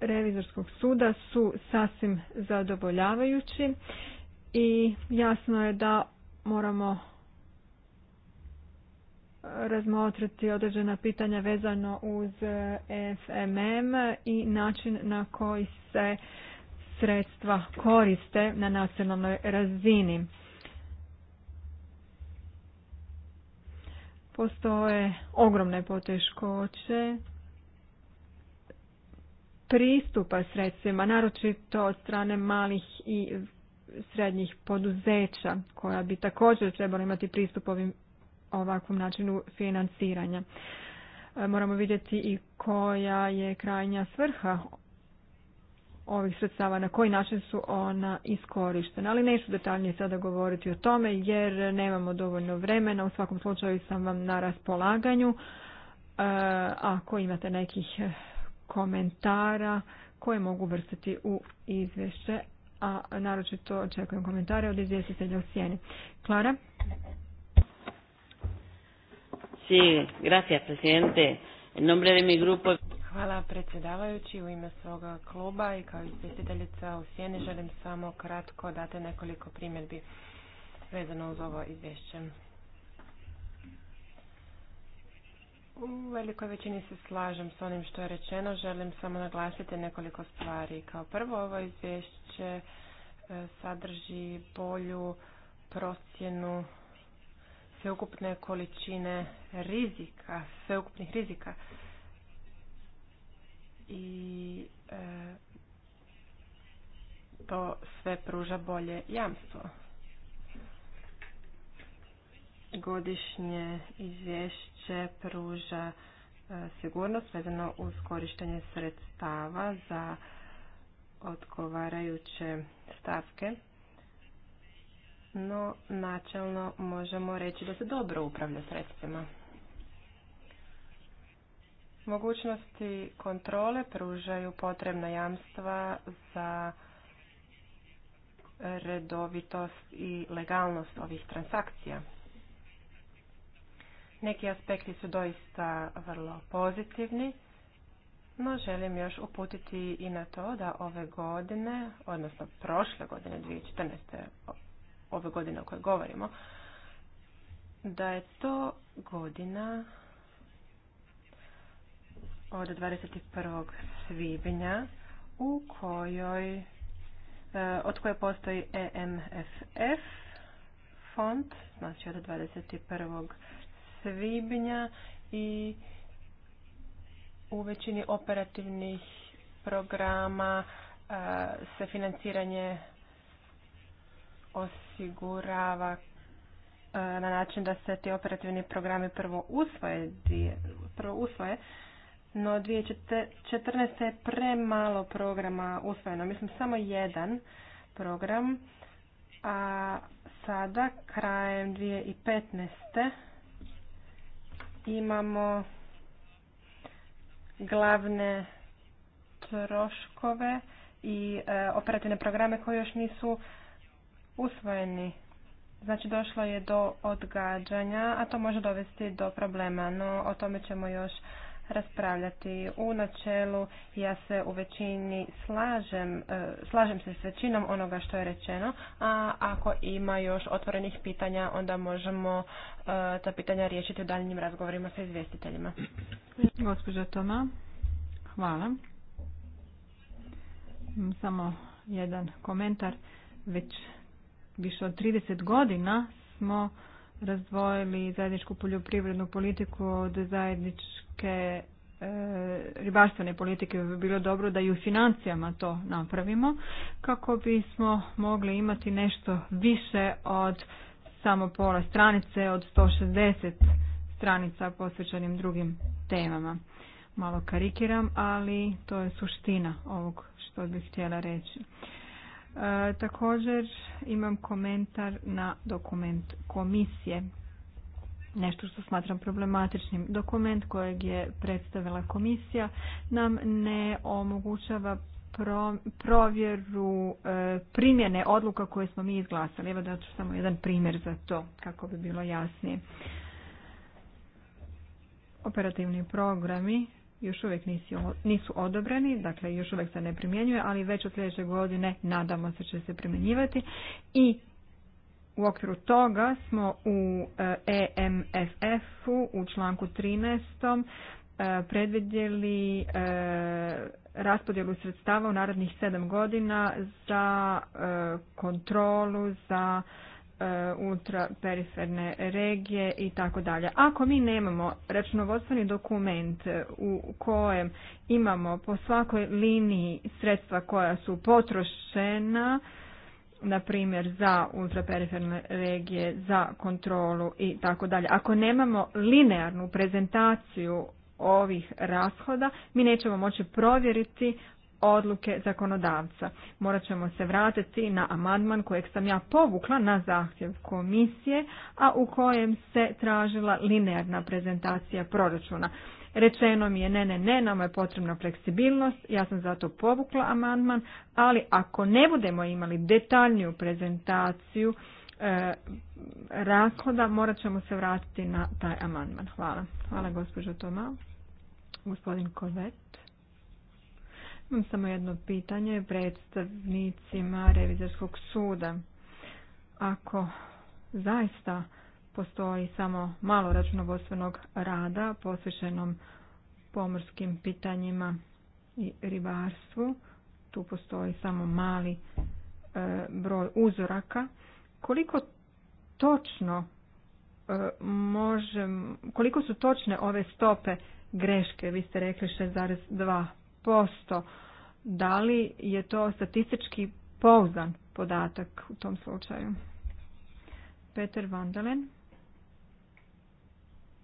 revizorskog suda su sasvim zadovoljavajući i jasno je da moramo razmotriti određena pitanja vezano uz e, FMM i način na koji se sredstva koriste na nacionalnoj razini. Postoje ogromne poteškoće pristupa sredstvima, naročito od strane malih i srednjih poduzeća koja bi također trebala imati pristup ovim ovakvom načinu financiranja. E, moramo vidjeti i koja je krajnja svrha ovih sredstava, na koji način su ona iskorištena. Ali neću detaljnije sada govoriti o tome jer nemamo dovoljno vremena, u svakom slučaju sam vam na raspolaganju. E, ako imate nekih e, komentara koje mogu vrstiti u izvješće, a naročito očekujem komentare od izvjestitelja u sjeni. Klara? Sí, gracias, presidente. En nombre de mi Hvala predsjedavajući. U ime svoga kluba i kao izvjestiteljica u Sjeni želim samo kratko dati nekoliko primjedbi vezano uz ovo izvješće. U velikoj većini se slažem s onim što je rečeno. Želim samo naglasiti nekoliko stvari. Kao prvo, ovo izvješće e, sadrži bolju procjenu sveukupne količine rizika, sveukupnih rizika i e, to sve pruža bolje jamstvo. Godišnje izvješće pruža e, sigurnost vezano uz korištenje sredstava za odgovarajuće stavke. No, načelno možemo reći da se dobro upravlja sredstvima. Mogućnosti kontrole pružaju potrebna jamstva za redovitost i legalnost ovih transakcija. Neki aspekti su doista vrlo pozitivni, no želim još uputiti i na to da ove godine, odnosno prošle godine 2014. ove godine o kojoj govorimo, da je to godina od 21. svibnja u kojoj e, od koje postoji EMFF fond, znači od 21. svibnja i u većini operativnih programa e, se financiranje osigurava e, na način da se ti operativni programi prvo usvoje, prvo usvoje no 2014. je premalo programa usvojeno. Mislim, samo jedan program, a sada, krajem 2015. imamo glavne troškove i e, operativne programe koji još nisu usvojeni. Znači došlo je do odgađanja, a to može dovesti do problema, no o tome ćemo još raspravljati. U načelu ja se u većini slažem, e, slažem se s većinom onoga što je rečeno, a ako ima još otvorenih pitanja onda možemo e, ta pitanja riješiti u daljnjim razgovorima sa izvjestiteljima. Gospođa Toma, hvala. Mm, samo jedan komentar. Već više od 30 godina smo razdvojili zajedničku poljoprivrednu politiku od zajedničke E, ribarstvene politike bi bilo dobro da i u financijama to napravimo kako bismo mogli imati nešto više od samo pola stranice od 160 stranica posvećenim drugim temama. Malo karikiram, ali to je suština ovog što bih htjela reći. E, također imam komentar na dokument komisije nešto što smatram problematičnim. Dokument kojeg je predstavila komisija nam ne omogućava provjeru e, primjene odluka koje smo mi izglasali. Evo da ću samo jedan primjer za to kako bi bilo jasnije. Operativni programi još uvijek nisu odobreni, dakle još uvijek se ne primjenjuje, ali već od sljedeće godine nadamo se će se primjenjivati i u okviru toga smo u EMFF-u e u članku 13. E, predvidjeli e, raspodjelu sredstava u narodnih sedam godina za kontrolu, za ultraperiferne regije i tako dalje. Ako mi nemamo računovodstveni dokument u kojem imamo po svakoj liniji sredstva koja su potrošena, na primjer za ultraperiferne regije, za kontrolu i tako dalje. Ako nemamo linearnu prezentaciju ovih rashoda, mi nećemo moći provjeriti odluke zakonodavca. Morat ćemo se vratiti na amandman kojeg sam ja povukla na zahtjev komisije, a u kojem se tražila linearna prezentacija proračuna. Rečeno mi je ne, ne, ne, nama je potrebna fleksibilnost, ja sam zato povukla amandman, ali ako ne budemo imali detaljniju prezentaciju e, rashoda, morat ćemo se vratiti na taj amandman. Hvala. Hvala gospođo Toma. Gospodin Kovet. Imam samo jedno pitanje predstavnicima revizorskog suda. Ako zaista postoji samo malo računovodstvenog rada posvećenom pomorskim pitanjima i ribarstvu. Tu postoji samo mali e, broj uzoraka. Koliko točno e, možem, koliko su točne ove stope greške? Vi ste rekli 6,2%. Da li je to statistički pouzdan podatak u tom slučaju? Peter Vandalen.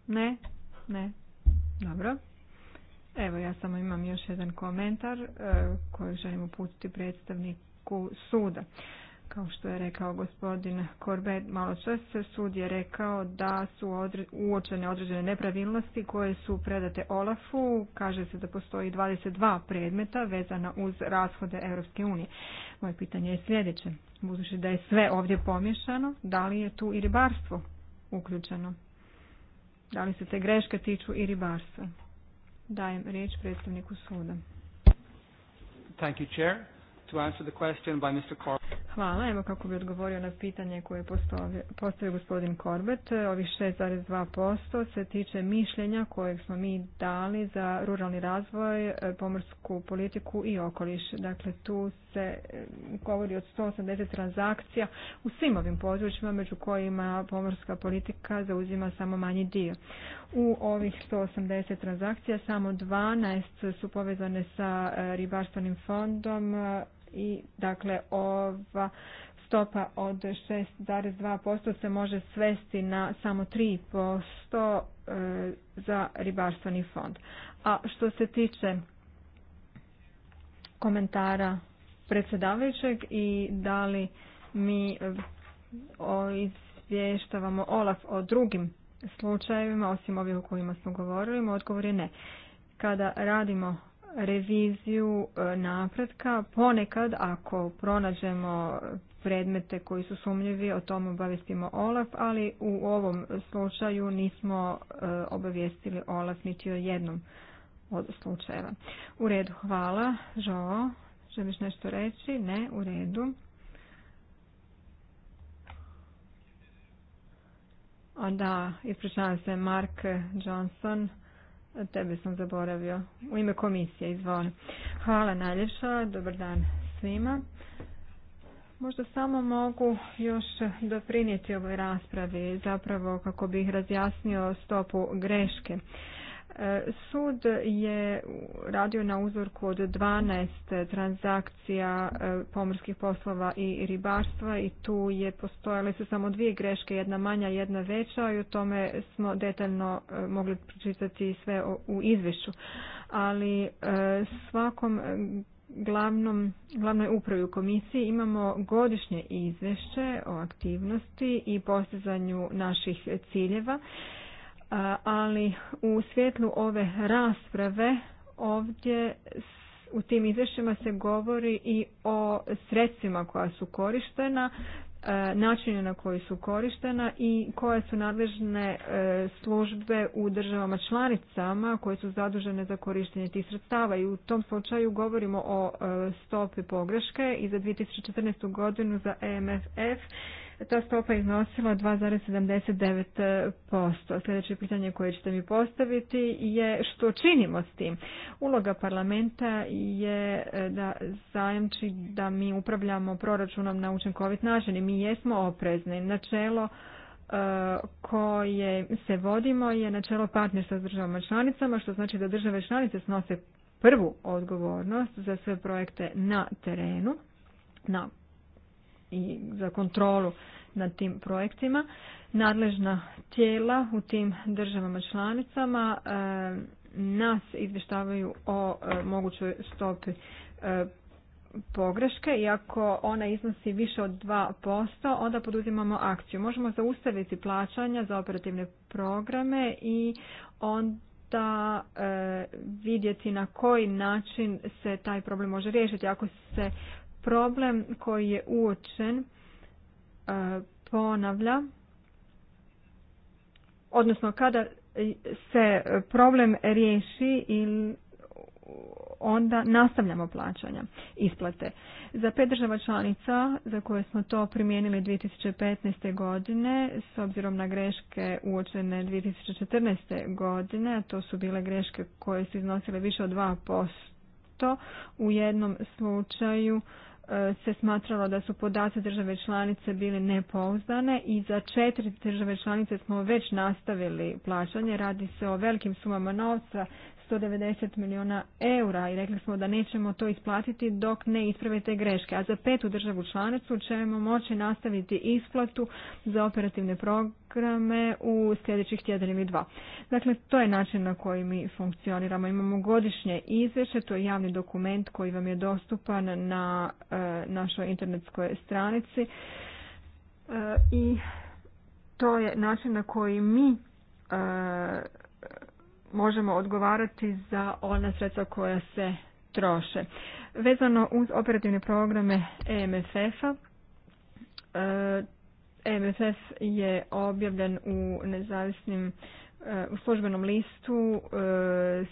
Ne? Ne. Dobro. Evo, ja samo imam još jedan komentar e, koji želim uputiti predstavniku suda. Kao što je rekao gospodin Korbet malo čas, sud je rekao da su uočene određene nepravilnosti koje su predate Olafu. Kaže se da postoji 22 predmeta vezana uz rashode Europske unije. Moje pitanje je sljedeće. Budući da je sve ovdje pomješano, da li je tu i ribarstvo uključeno? Da li se te greške tiču i ribarstva? Dajem riječ predstavniku suda. Thank you, Chair. To answer the question by Mr. Hvala. Evo kako bi odgovorio na pitanje koje je postavio gospodin Korbet. E, ovih 6,2% se tiče mišljenja kojeg smo mi dali za ruralni razvoj, e, pomorsku politiku i okoliš. Dakle, tu se e, govori od 180 transakcija u svim ovim područjima, među kojima pomorska politika zauzima samo manji dio. U ovih 180 transakcija samo 12 su povezane sa ribarstvenim fondom, i dakle ova stopa od 6,2% se može svesti na samo 3% e, za ribarstveni fond. A što se tiče komentara predsjedavajućeg i da li mi e, izvještavamo Olaf o drugim slučajevima, osim ovih o kojima smo govorili, odgovor je ne. Kada radimo reviziju e, napretka. Ponekad ako pronađemo predmete koji su sumnjivi, o tom obavestimo Olaf, ali u ovom slučaju nismo e, obavijestili Olaf niti o jednom od slučajeva. U redu, hvala. Žao, želiš nešto reći? Ne, u redu. Da, ispričavam se, Mark Johnson tebe sam zaboravio. U ime komisije, izvoli. Hvala najljepša, dobar dan svima. Možda samo mogu još doprinijeti ovoj raspravi, zapravo kako bih razjasnio stopu greške. E, sud je radio na uzorku od 12 transakcija e, pomorskih poslova i ribarstva i tu je postojale su samo dvije greške, jedna manja, jedna veća i o tome smo detaljno e, mogli pročitati sve u izvješću. Ali svakom glavnom, glavnoj upravi u komisiji imamo godišnje izvješće o aktivnosti i postizanju naših ciljeva ali u svjetlu ove rasprave ovdje u tim izvješćima se govori i o sredstvima koja su korištena, e, načine na koji su korištena i koje su nadležne e, službe u državama članicama koje su zadužene za korištenje tih sredstava i u tom slučaju govorimo o e, stopi pogreške i za 2014. godinu za EMFF ta stopa iznosila 2,79%. Sljedeće pitanje koje ćete mi postaviti je što činimo s tim. Uloga parlamenta je e, da zajamči da mi upravljamo proračunom na učinkovit način i mi jesmo oprezni. Načelo e, koje se vodimo je načelo partnerstva s državama članicama, što znači da države članice snose prvu odgovornost za sve projekte na terenu, na i za kontrolu nad tim projektima. Nadležna tijela u tim državama članicama e, nas izvještavaju o e, mogućoj stopi e, pogreške i ako ona iznosi više od 2%, onda poduzimamo akciju. Možemo zaustaviti plaćanja za operativne programe i onda vidjeti na koji način se taj problem može riješiti. Ako se problem koji je uočen e, ponavlja, odnosno kada se problem riješi i onda nastavljamo plaćanja isplate. Za pet država članica za koje smo to primijenili 2015. godine, s obzirom na greške uočene 2014. godine, to su bile greške koje su iznosile više od 2%, u jednom slučaju E, se smatralo da su podaci države članice bili nepouzdane i za četiri države članice smo već nastavili plaćanje. Radi se o velikim sumama novca, 190 milijuna eura i rekli smo da nećemo to isplatiti dok ne isprave te greške. A za petu državu članicu ćemo moći nastaviti isplatu za operativne programe u sljedećih tjedan ili dva. Dakle, to je način na koji mi funkcioniramo. Imamo godišnje izvješće, to je javni dokument koji vam je dostupan na e, našoj internetskoj stranici e, i to je način na koji mi e, možemo odgovarati za ona sredstva koja se troše. Vezano uz operativne programe EMFF-a, EMFF e je objavljen u nezavisnim e, u službenom listu e,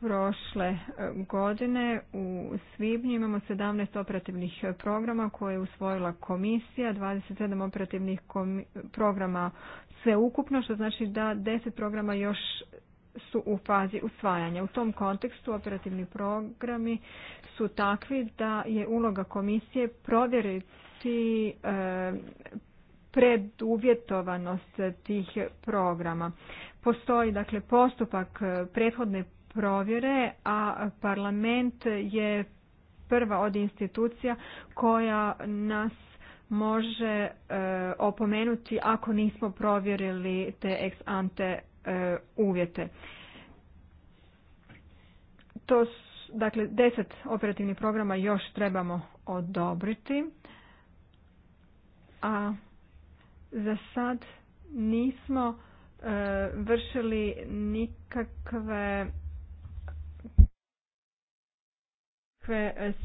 prošle godine u svibnju imamo 17 operativnih programa koje je usvojila komisija, 27 operativnih programa sve ukupno, što znači da 10 programa još su u fazi usvajanja. U tom kontekstu operativni programi su takvi da je uloga komisije provjeriti e, preduvjetovanost tih programa. Postoji dakle postupak e, prethodne provjere, a parlament je prva od institucija koja nas može e, opomenuti ako nismo provjerili te ex ante E, uvjete. To dakle, deset operativnih programa još trebamo odobriti, a za sad nismo e, vršili nikakve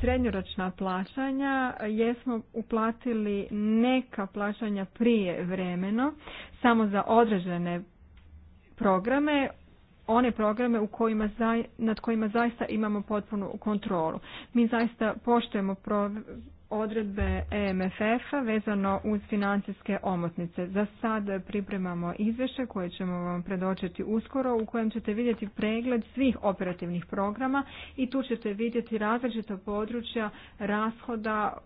srednjoročna plaćanja jesmo uplatili neka plaćanja prije vremeno samo za određene programe, one programe u kojima nad kojima zaista imamo potpunu kontrolu. Mi zaista poštujemo odredbe EMFF-a vezano uz financijske omotnice. Za sad pripremamo izvješće koje ćemo vam predočiti uskoro u kojem ćete vidjeti pregled svih operativnih programa i tu ćete vidjeti različita područja rashoda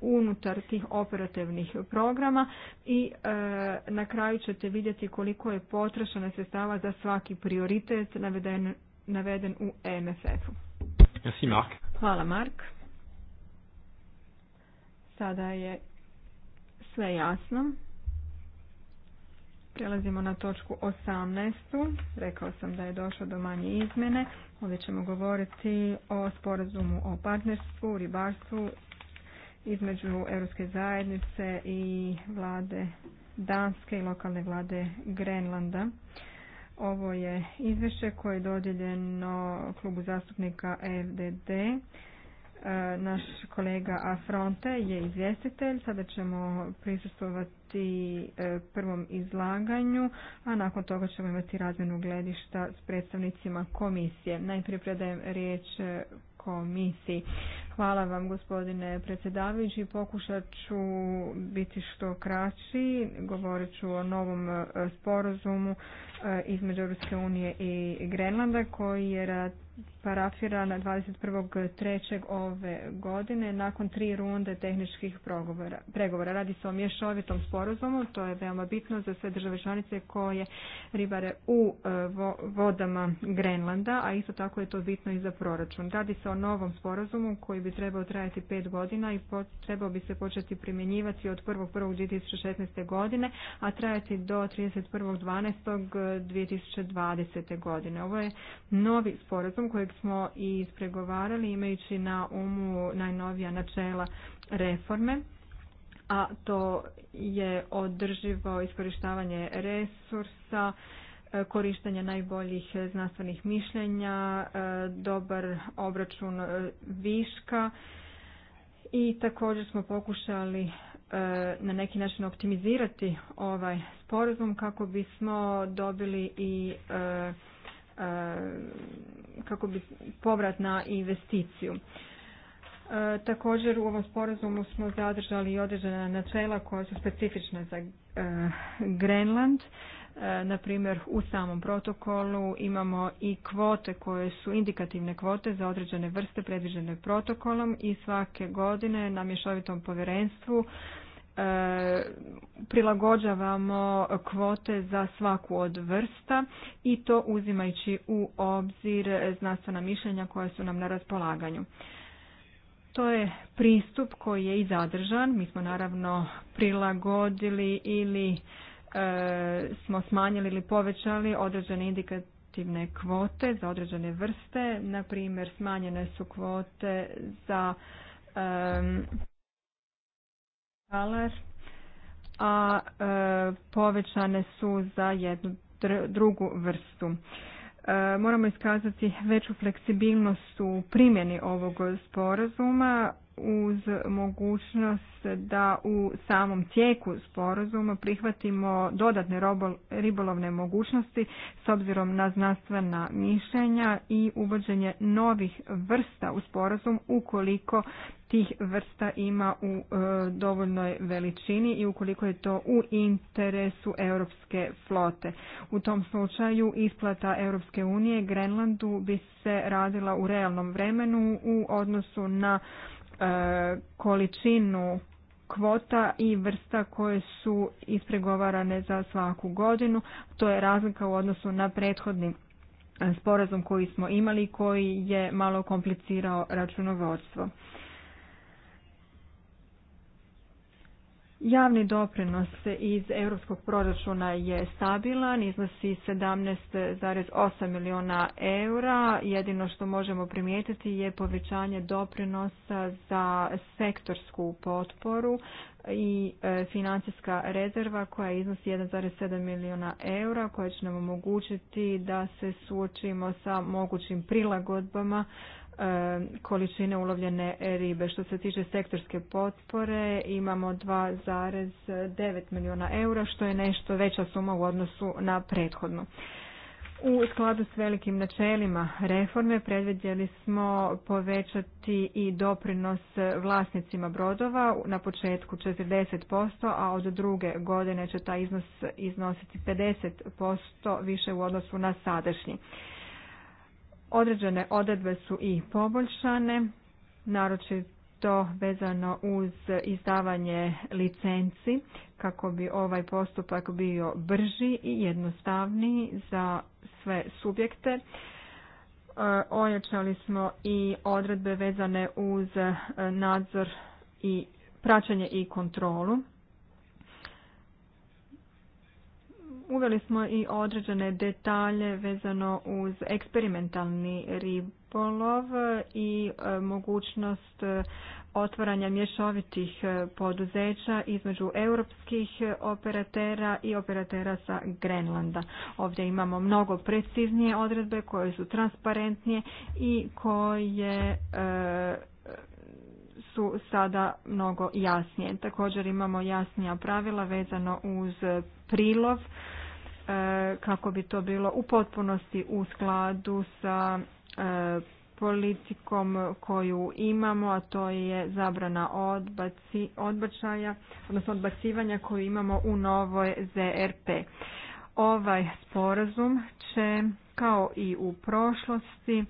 unutar tih operativnih programa i e, na kraju ćete vidjeti koliko je potrošeno sredstava za svaki prioritet naveden, naveden u MFF-u. Hvala Mark. Sada je sve jasno. Prelazimo na točku 18. Rekao sam da je došlo do manje izmjene. Ovdje ćemo govoriti o sporazumu o partnerstvu, ribarstvu između Europske zajednice i vlade Danske i lokalne vlade Grenlanda. Ovo je izvješće koje je dodijeljeno klubu zastupnika FDD. E, naš kolega Afronte je izvjestitelj. Sada ćemo prisustovati e, prvom izlaganju, a nakon toga ćemo imati razmjenu gledišta s predstavnicima komisije. Najprije predajem riječ e, komisiji. Hvala vam gospodine predsjedavajući. Pokušat ću biti što kraći. Govorit ću o novom e, sporazumu e, između Europske unije i Grenlanda koji je parafiran 21.3. ove godine nakon tri runde tehničkih pregovora. Radi se o mješovitom sporazumu, to je veoma bitno za sve države članice koje ribare u e, vodama Grenlanda, a isto tako je to bitno i za proračun. Radi se o novom sporazumu koji bi bi trebao trajati pet godina i trebao bi se početi primjenjivati od 1.1.2016. godine, a trajati do 31.12.2020. godine. Ovo je novi sporazum kojeg smo i ispregovarali imajući na umu najnovija načela reforme a to je održivo iskorištavanje resursa, E, korištenje najboljih znanstvenih mišljenja, e, dobar obračun e, viška i također smo pokušali na neki način optimizirati ovaj sporazum kako bismo dobili i kako bi povrat na investiciju. Također u ovom sporazumu smo zadržali i određena načela koja su specifična za Grenland na primjer u samom protokolu imamo i kvote koje su indikativne kvote za određene vrste predviđene protokolom i svake godine na mješovitom povjerenstvu e, prilagođavamo kvote za svaku od vrsta i to uzimajući u obzir znanstvena mišljenja koja su nam na raspolaganju. To je pristup koji je i zadržan. Mi smo naravno prilagodili ili E, smo smanjili ili povećali određene indikativne kvote za određene vrste. Na primjer, smanjene su kvote za kalar, a e, povećane su za jednu drugu vrstu. E, moramo iskazati veću fleksibilnost u primjeni ovog sporazuma uz mogućnost da u samom tijeku sporazuma prihvatimo dodatne ribolovne mogućnosti s obzirom na znanstvena mišljenja i uvođenje novih vrsta u sporazum ukoliko tih vrsta ima u e, dovoljnoj veličini i ukoliko je to u interesu europske flote. U tom slučaju isplata Europske unije Grenlandu bi se radila u realnom vremenu u odnosu na količinu kvota i vrsta koje su ispregovarane za svaku godinu. To je razlika u odnosu na prethodni e, sporazum koji smo imali koji je malo komplicirao računovodstvo. Javni doprinos iz europskog proračuna je stabilan, iznosi 17,8 milijuna eura. Jedino što možemo primijetiti je povećanje doprinosa za sektorsku potporu i e, financijska rezerva koja iznosi 1,7 milijuna eura koja će nam omogućiti da se suočimo sa mogućim prilagodbama količine ulovljene ribe. Što se tiče sektorske potpore imamo 2,9 milijuna eura što je nešto veća suma u odnosu na prethodnu. U skladu s velikim načelima reforme predvidjeli smo povećati i doprinos vlasnicima brodova na početku 40%, a od druge godine će taj iznos iznositi 50% više u odnosu na sadašnji. Određene odredbe su i poboljšane, naročito vezano uz izdavanje licenci kako bi ovaj postupak bio brži i jednostavniji za sve subjekte. E, ojačali smo i odredbe vezane uz nadzor i praćenje i kontrolu. Uveli smo i određene detalje vezano uz eksperimentalni ribolov i e, mogućnost e, otvaranja mješovitih e, poduzeća između europskih operatera i operatera sa Grenlanda. Ovdje imamo mnogo preciznije odredbe koje su transparentnije i koje su sada mnogo jasnije. Također imamo jasnija pravila vezano uz prilov kako bi to bilo u potpunosti u skladu sa e, politikom koju imamo, a to je zabrana odbačaja, odnosno odbacivanja koju imamo u novoj ZRP. Ovaj sporazum će kao i u prošlosti e,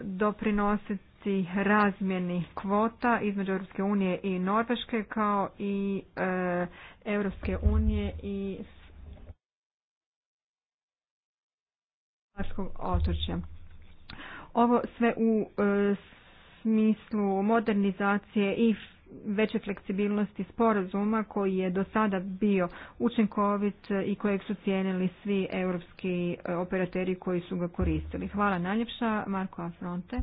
doprinositi razmjeni kvota između Europske unije i Norveške kao i e, Europske unije i Barskog otočja. Ovo sve u e, smislu modernizacije i veće fleksibilnosti sporazuma koji je do sada bio učinkovit i kojeg su cijenili svi europski e, operateri koji su ga koristili. Hvala najljepša, Marko Afronte.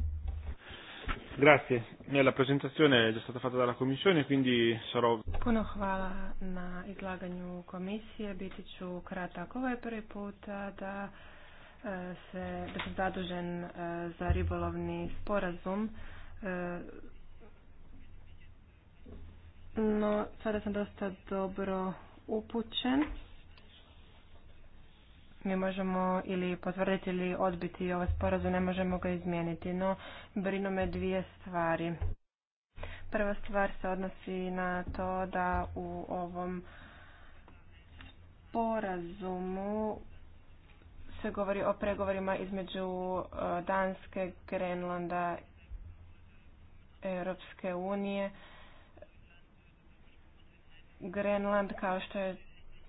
Grazie. La presentazione è già stata fatta dalla Commissione, quindi sarò... Puno hvala na izlaganju komisije. Biti ću kratak. Ovo je prvi put da se zadužen e, za ribolovni sporazum. E, no, sada sam dosta dobro upućen. Mi možemo ili potvrditi ili odbiti ovaj sporazum, ne možemo ga izmijeniti, no brinu me dvije stvari. Prva stvar se odnosi na to da u ovom sporazumu govori o pregovorima između e, Danske, Grenlanda, Europske unije. Grenland, kao što je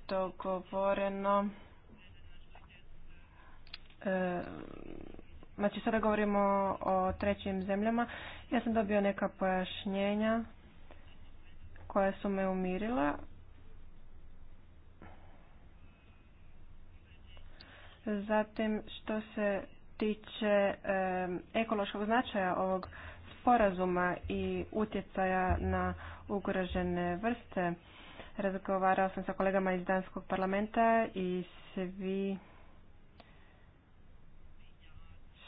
dogovoreno, e, znači sada govorimo o trećim zemljama. Ja sam dobio neka pojašnjenja koja su me umirila. Zatim što se tiče ekološkog značaja ovog sporazuma i utjecaja na ugrožene vrste, razgovarao sam sa kolegama iz Danskog parlamenta i svi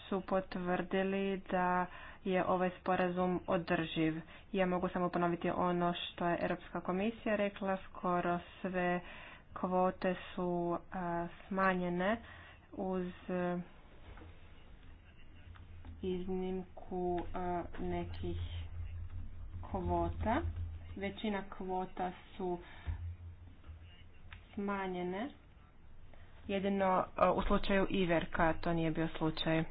su potvrdili da je ovaj sporazum održiv. Ja mogu samo ponoviti ono što je Europska komisija rekla, skoro sve kvote su smanjene uz eh, iznimku eh, nekih kvota. Većina kvota su smanjene. Jedino eh, u slučaju Iverka to nije bio slučaj.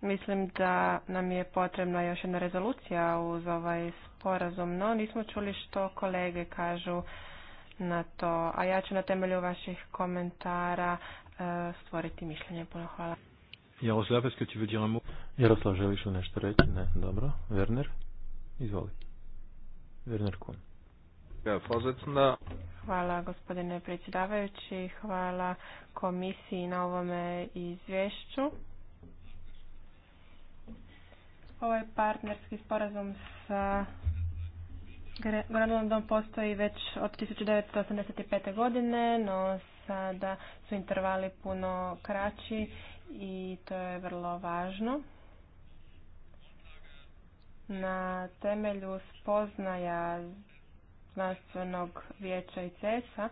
Mislim da nam je potrebna još jedna rezolucija uz ovaj sporazum, no nismo čuli što kolege kažu na to, a ja ću na temelju vaših komentara e, stvoriti mišljenje. Puno hvala. Jaroslav, želiš li nešto reći? Ne, dobro. Werner, izvoli. Werner Kuhn. Hvala gospodine predsjedavajući, hvala komisiji na ovome izvješću. Ovaj partnerski sporazum sa Grand dom postoji već od 1985. godine, no sada su intervali puno kraći i to je vrlo važno. Na temelju spoznaja znanstvenog vijeća i CESA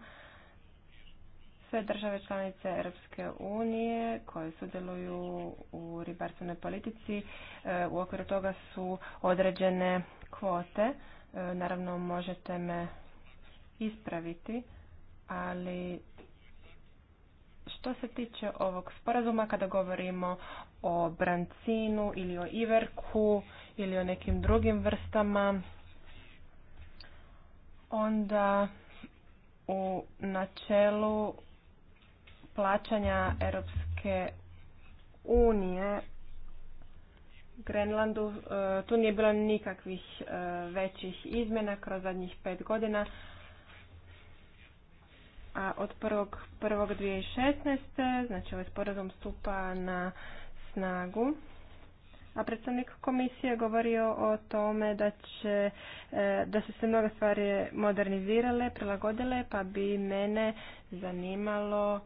sve države članice Europske unije koje sudjeluju u ribarstvenoj politici e, u okviru toga su određene kvote. E, naravno možete me ispraviti, ali što se tiče ovog sporazuma kada govorimo o brancinu ili o iverku ili o nekim drugim vrstama, onda u načelu plaćanja Europske unije Grenlandu. E, tu nije bilo nikakvih e, većih izmjena kroz zadnjih pet godina. A od 1.1.2016. znači ovaj sporazum stupa na snagu. A predstavnik komisije govorio o tome da će, e, da su se mnoge stvari modernizirale, prilagodile, pa bi mene zanimalo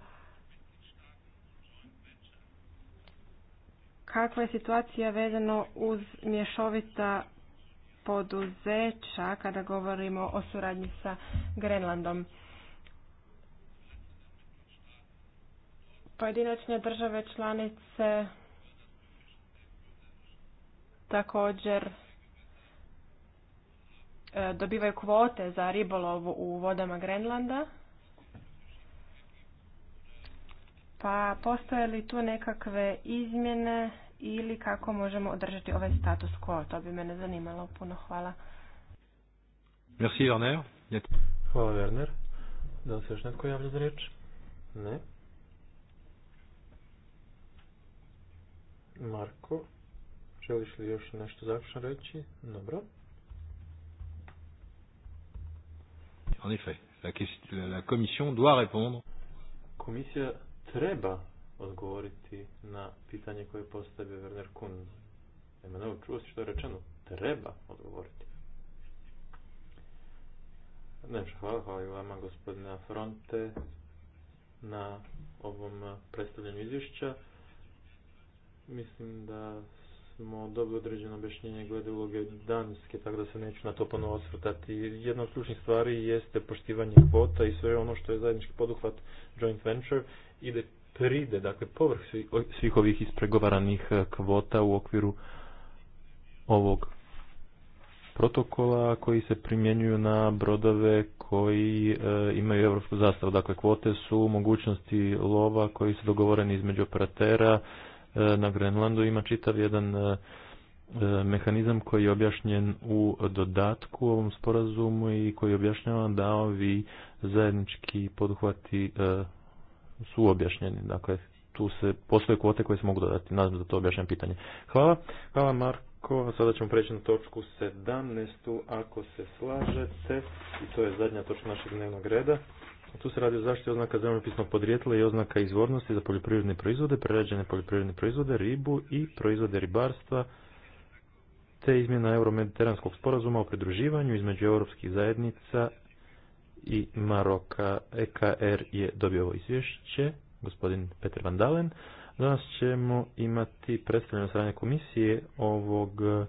kakva je situacija vezano uz mješovita poduzeća kada govorimo o suradnji sa Grenlandom. Pojedinačne države članice također e, dobivaju kvote za ribolov u vodama Grenlanda. Pa postoje li tu nekakve izmjene ili kako možemo održati ovaj status quo? To bi mene zanimalo. Puno hvala. Merci Werner. Hvala Werner. Da li se još netko javlja za riječ? Ne. Marko, želiš li još nešto završno reći? Dobro. En effet, la, question, la commission doit répondre. Komisija treba odgovoriti na pitanje koje je postavio Werner Kuhn. Emanuel, čuo si što je rečeno? Treba odgovoriti. hvala, hvala i vama gospodine Fronte na ovom predstavljanju izvješća. Mislim da smo dobili određeno objašnjenje glede uloge Danske, tako da se neću na to ponovo osvrtati. Jedna od ključnih stvari jeste poštivanje kvota i sve ono što je zajednički poduhvat joint venture ide pride, dakle povrh svih ovih ispregovaranih e, kvota u okviru ovog protokola koji se primjenjuju na brodove koji e, imaju evropsku zastavu. Dakle, kvote su mogućnosti lova koji su dogovoreni između operatera. E, na Grenlandu ima čitav jedan mehanizam koji je objašnjen u dodatku ovom sporazumu i koji objašnjava da ovi zajednički poduhvati su objašnjeni. Dakle, tu se postoje kvote koje se mogu dodati. Nadam da to objašnjam pitanje. Hvala. Hvala Marko. sada ćemo preći na točku 17. Ako se slažete, i to je zadnja točka našeg dnevnog reda. Tu se radi o zaštiti oznaka zemljopisnog podrijetla i oznaka izvornosti za poljoprivredne proizvode, prerađene poljoprivredne proizvode, ribu i proizvode ribarstva, te izmjena euromediteranskog sporazuma o pridruživanju između europskih zajednica i Maroka. EKR er je dobio ovo izvješće, gospodin Petar Van Danas ćemo imati predstavljeno strane komisije ovog e,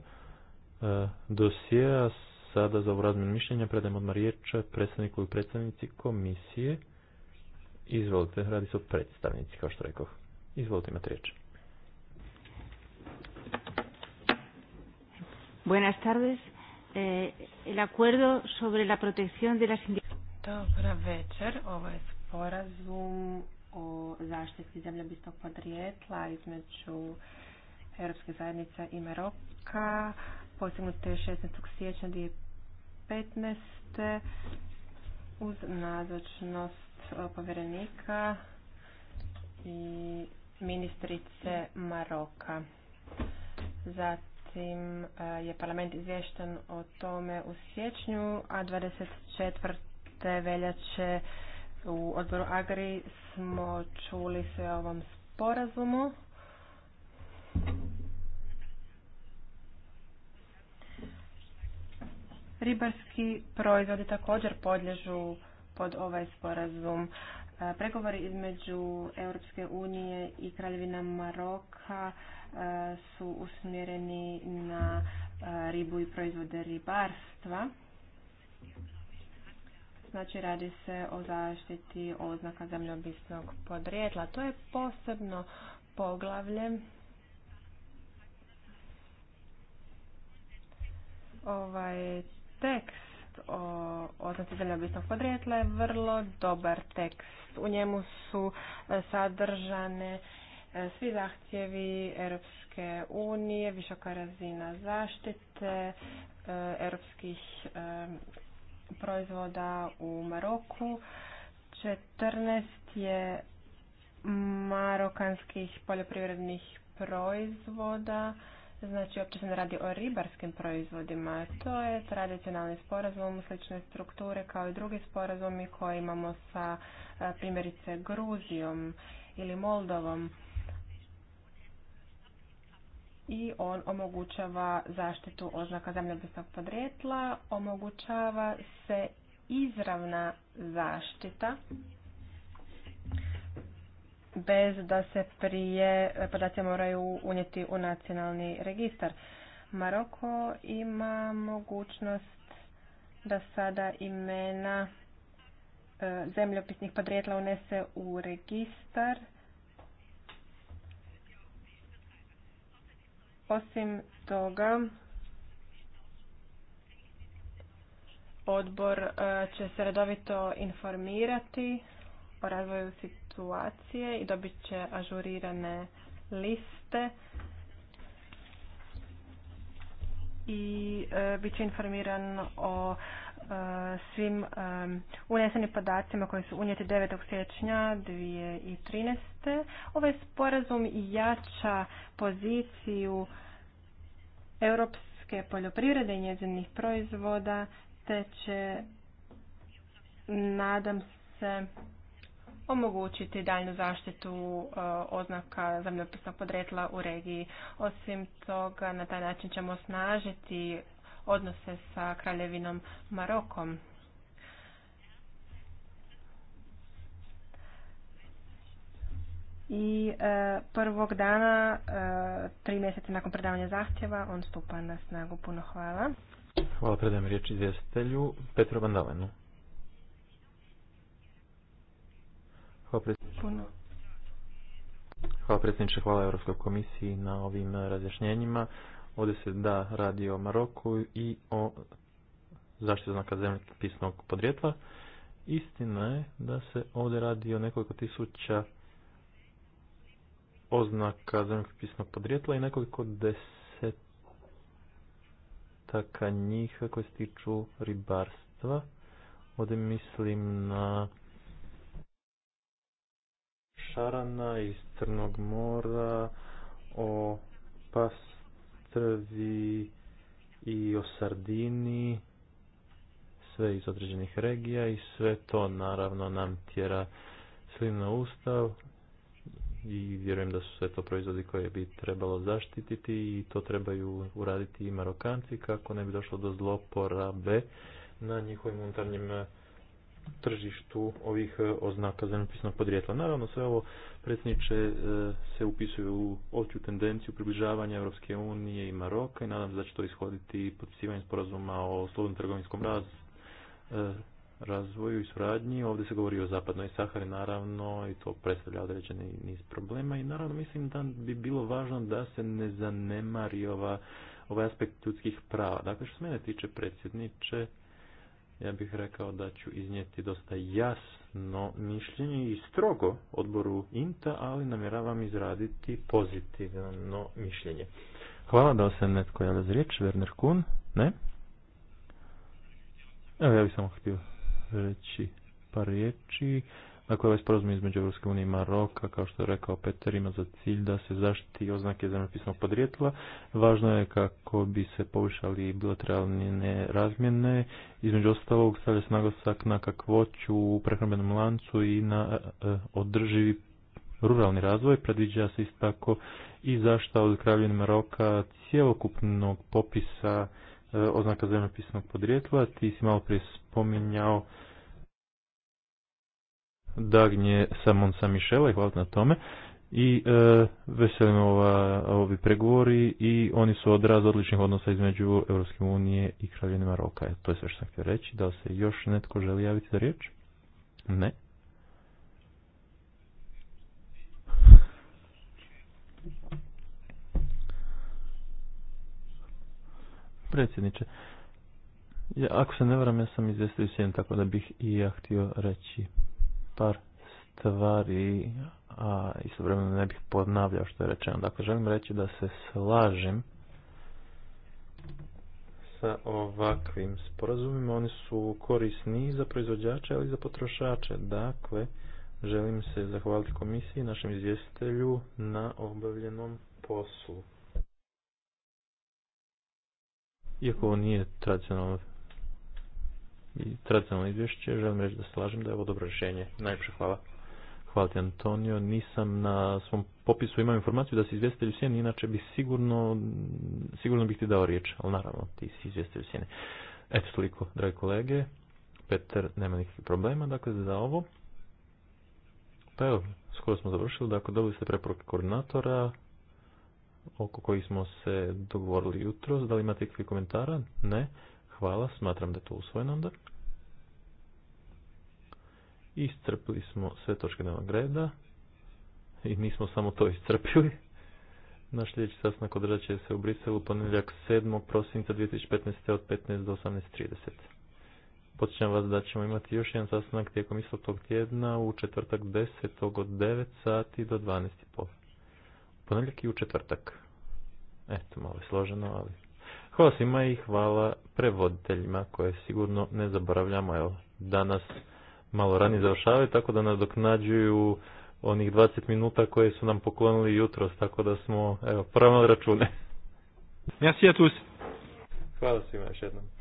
Sada za ovu razmjenu mišljenja predajem odmah riječ predstavniku i predstavnici komisije. Izvolite, radi se o predstavnici, kao što rekao. Izvolite, imate riječ. Buenas tardes. Eh, el acuerdo sobre la protección de las Dobra večer. Ovo je sporazum o zaštiti zemljopisnog podrijetla između Europske zajednice i Maroka. Postignut je 16. siječnja 2015. uz nazočnost povjerenika i ministrice Maroka. Zatim eh, je parlament izvješten o tome u siječnju, a 24. Te veljače u odboru Agri smo čuli sve o ovom sporazumu. Ribarski proizvodi također podlježu pod ovaj sporazum. E, pregovori između Europske unije i Kraljevina Maroka e, su usmjereni na e, ribu i proizvode ribarstva znači radi se o zaštiti oznaka zemljopisnog podrijetla. To je posebno poglavlje ovaj tekst o oznaci zemljopisnog podrijetla je vrlo dobar tekst. U njemu su e, sadržane e, svi zahtjevi Europske unije, visoka razina zaštite e, europskih proizvoda u Maroku. 14 je marokanskih poljoprivrednih proizvoda. Znači, opće se ne radi o ribarskim proizvodima. To je tradicionalni sporazum slične strukture kao i drugi sporazumi koje imamo sa e, primjerice Gruzijom ili Moldovom i on omogućava zaštitu oznaka zemljopisnog podrijetla, omogućava se izravna zaštita bez da se prije podaci moraju unijeti u nacionalni registar. Maroko ima mogućnost da sada imena e, zemljopisnih podrijetla unese u registar Osim toga, odbor e, će se redovito informirati o razvoju situacije i dobit će ažurirane liste i e, bit će informiran o Eh, svim unesenim podacima koji su unijeti 9. siječnja 2013. Ovaj sporazum jača poziciju europske poljoprivrede i njezinih proizvoda te će nadam se omogućiti daljnu zaštitu eh, oznaka zemljopisnog podretla u regiji. Osim toga, na taj način ćemo osnažiti odnose sa kraljevinom Marokom. I e, prvog dana, e, tri mjeseca nakon predavanja zahtjeva, on stupa na snagu. Puno hvala. Hvala, predajem riječ izvjestitelju Petru Vandalenu. Hvala predsjedniče. Puno. Hvala predsjedniče, hvala Europskoj komisiji na ovim razjašnjenjima. Ovdje se da radi o Maroku i o zaštiti znaka pisnog podrijetla. Istina je da se ovdje radi o nekoliko tisuća oznaka pisnog podrijetla i nekoliko desetaka njih koje se tiču ribarstva. Ovdje mislim na šarana iz Crnog mora, o pasu i o sardini, sve iz određenih regija i sve to naravno nam tjera slim na ustav i vjerujem da su sve to proizvodi koje bi trebalo zaštititi i to trebaju uraditi i Marokanci kako ne bi došlo do zloporabe na njihovim unutarnjim tržištu ovih e, oznaka zemljopisnog podrijetla. Naravno, sve ovo predsjedniče e, se upisuje u opću tendenciju približavanja Europske unije i Maroka i nadam se da će to ishoditi potpisivanje sporazuma o slobodnom trgovinskom raz, e, razvoju i suradnji. Ovdje se govori o zapadnoj Sahari, naravno, i to predstavlja određeni niz problema i naravno mislim da bi bilo važno da se ne zanemari ova, ovaj aspekt ljudskih prava. Dakle, što se mene tiče predsjedniče, ja bih rekao da ću iznijeti dosta jasno mišljenje i strogo odboru INTA, ali namjeravam izraditi pozitivno mišljenje. Hvala da se netko javlja za riječ, Werner Kuhn, ne? Evo ja bih samo htio reći par riječi. Dakle, ovaj sporazum između Europske unije i Maroka, kao što je rekao Peter, ima za cilj da se zaštiti oznake zemljopisnog podrijetla. Važno je kako bi se povišali bilateralne razmjene. Između ostalog, stavlja se naglasak na kakvoću u prehrambenom lancu i na e, e, održivi ruralni razvoj. Predviđa se isto tako i zašta od Kraljevine Maroka cjelokupnog popisa e, oznaka zemljopisnog podrijetla. Ti si malo prije spominjao Dagnje sa Monsa Mišela i hvala na tome. I e, veselim ova, ovi pregovori i oni su odraz odličnih odnosa između Europske unije i Kraljevine Maroka. E, to je sve što sam htio reći. Da li se još netko želi javiti za riječ? Ne. Predsjedniče, ja, ako se ne varam, ja sam izvestio sjen, tako da bih i ja htio reći par stvari, a istovremeno ne bih ponavljao što je rečeno. Dakle, želim reći da se slažem sa ovakvim sporazumima. Oni su korisni za proizvođače, ali i za potrošače. Dakle, želim se zahvaliti komisiji, našem izvjestitelju na obavljenom poslu. Iako ovo nije tradicionalno i tradicionalno izvješće, želim reći da slažem da je ovo dobro rješenje. Najljepše hvala. Hvala ti Antonio, nisam na svom popisu imao informaciju da si izvjestitelj u sjeni, inače bi sigurno, sigurno bih ti dao riječ, ali naravno ti si izvjestitelj u sjeni. Eto toliko, dragi kolege, Peter nema nikakvih problema, dakle za ovo. Pa evo, skoro smo završili, dakle dobili ste preporuke koordinatora, oko kojih smo se dogovorili jutros. Da li imate ikakvih komentara? Ne. Hvala, smatram da je to usvojeno onda. Iscrpili smo sve točke dnevnog reda i nismo samo to iscrpili. Naš sljedeći sastanak održat će se u Briselu ponedjeljak 7. prosinca 2015. od 15 do 18.30. Podsjećam vas da ćemo imati još jedan sastanak tijekom istog tog tjedna u četvrtak 10. od 9 sati do 12.30. Ponedjeljak i u četvrtak. Eto, malo je složeno, ali... Hvala svima i hvala prevoditeljima koje sigurno ne zaboravljamo. Evo, danas malo ranije završavaju, tako da nas onih 20 minuta koje su nam poklonili jutros, tako da smo, evo, pravno račune. Hvala svima još jednom.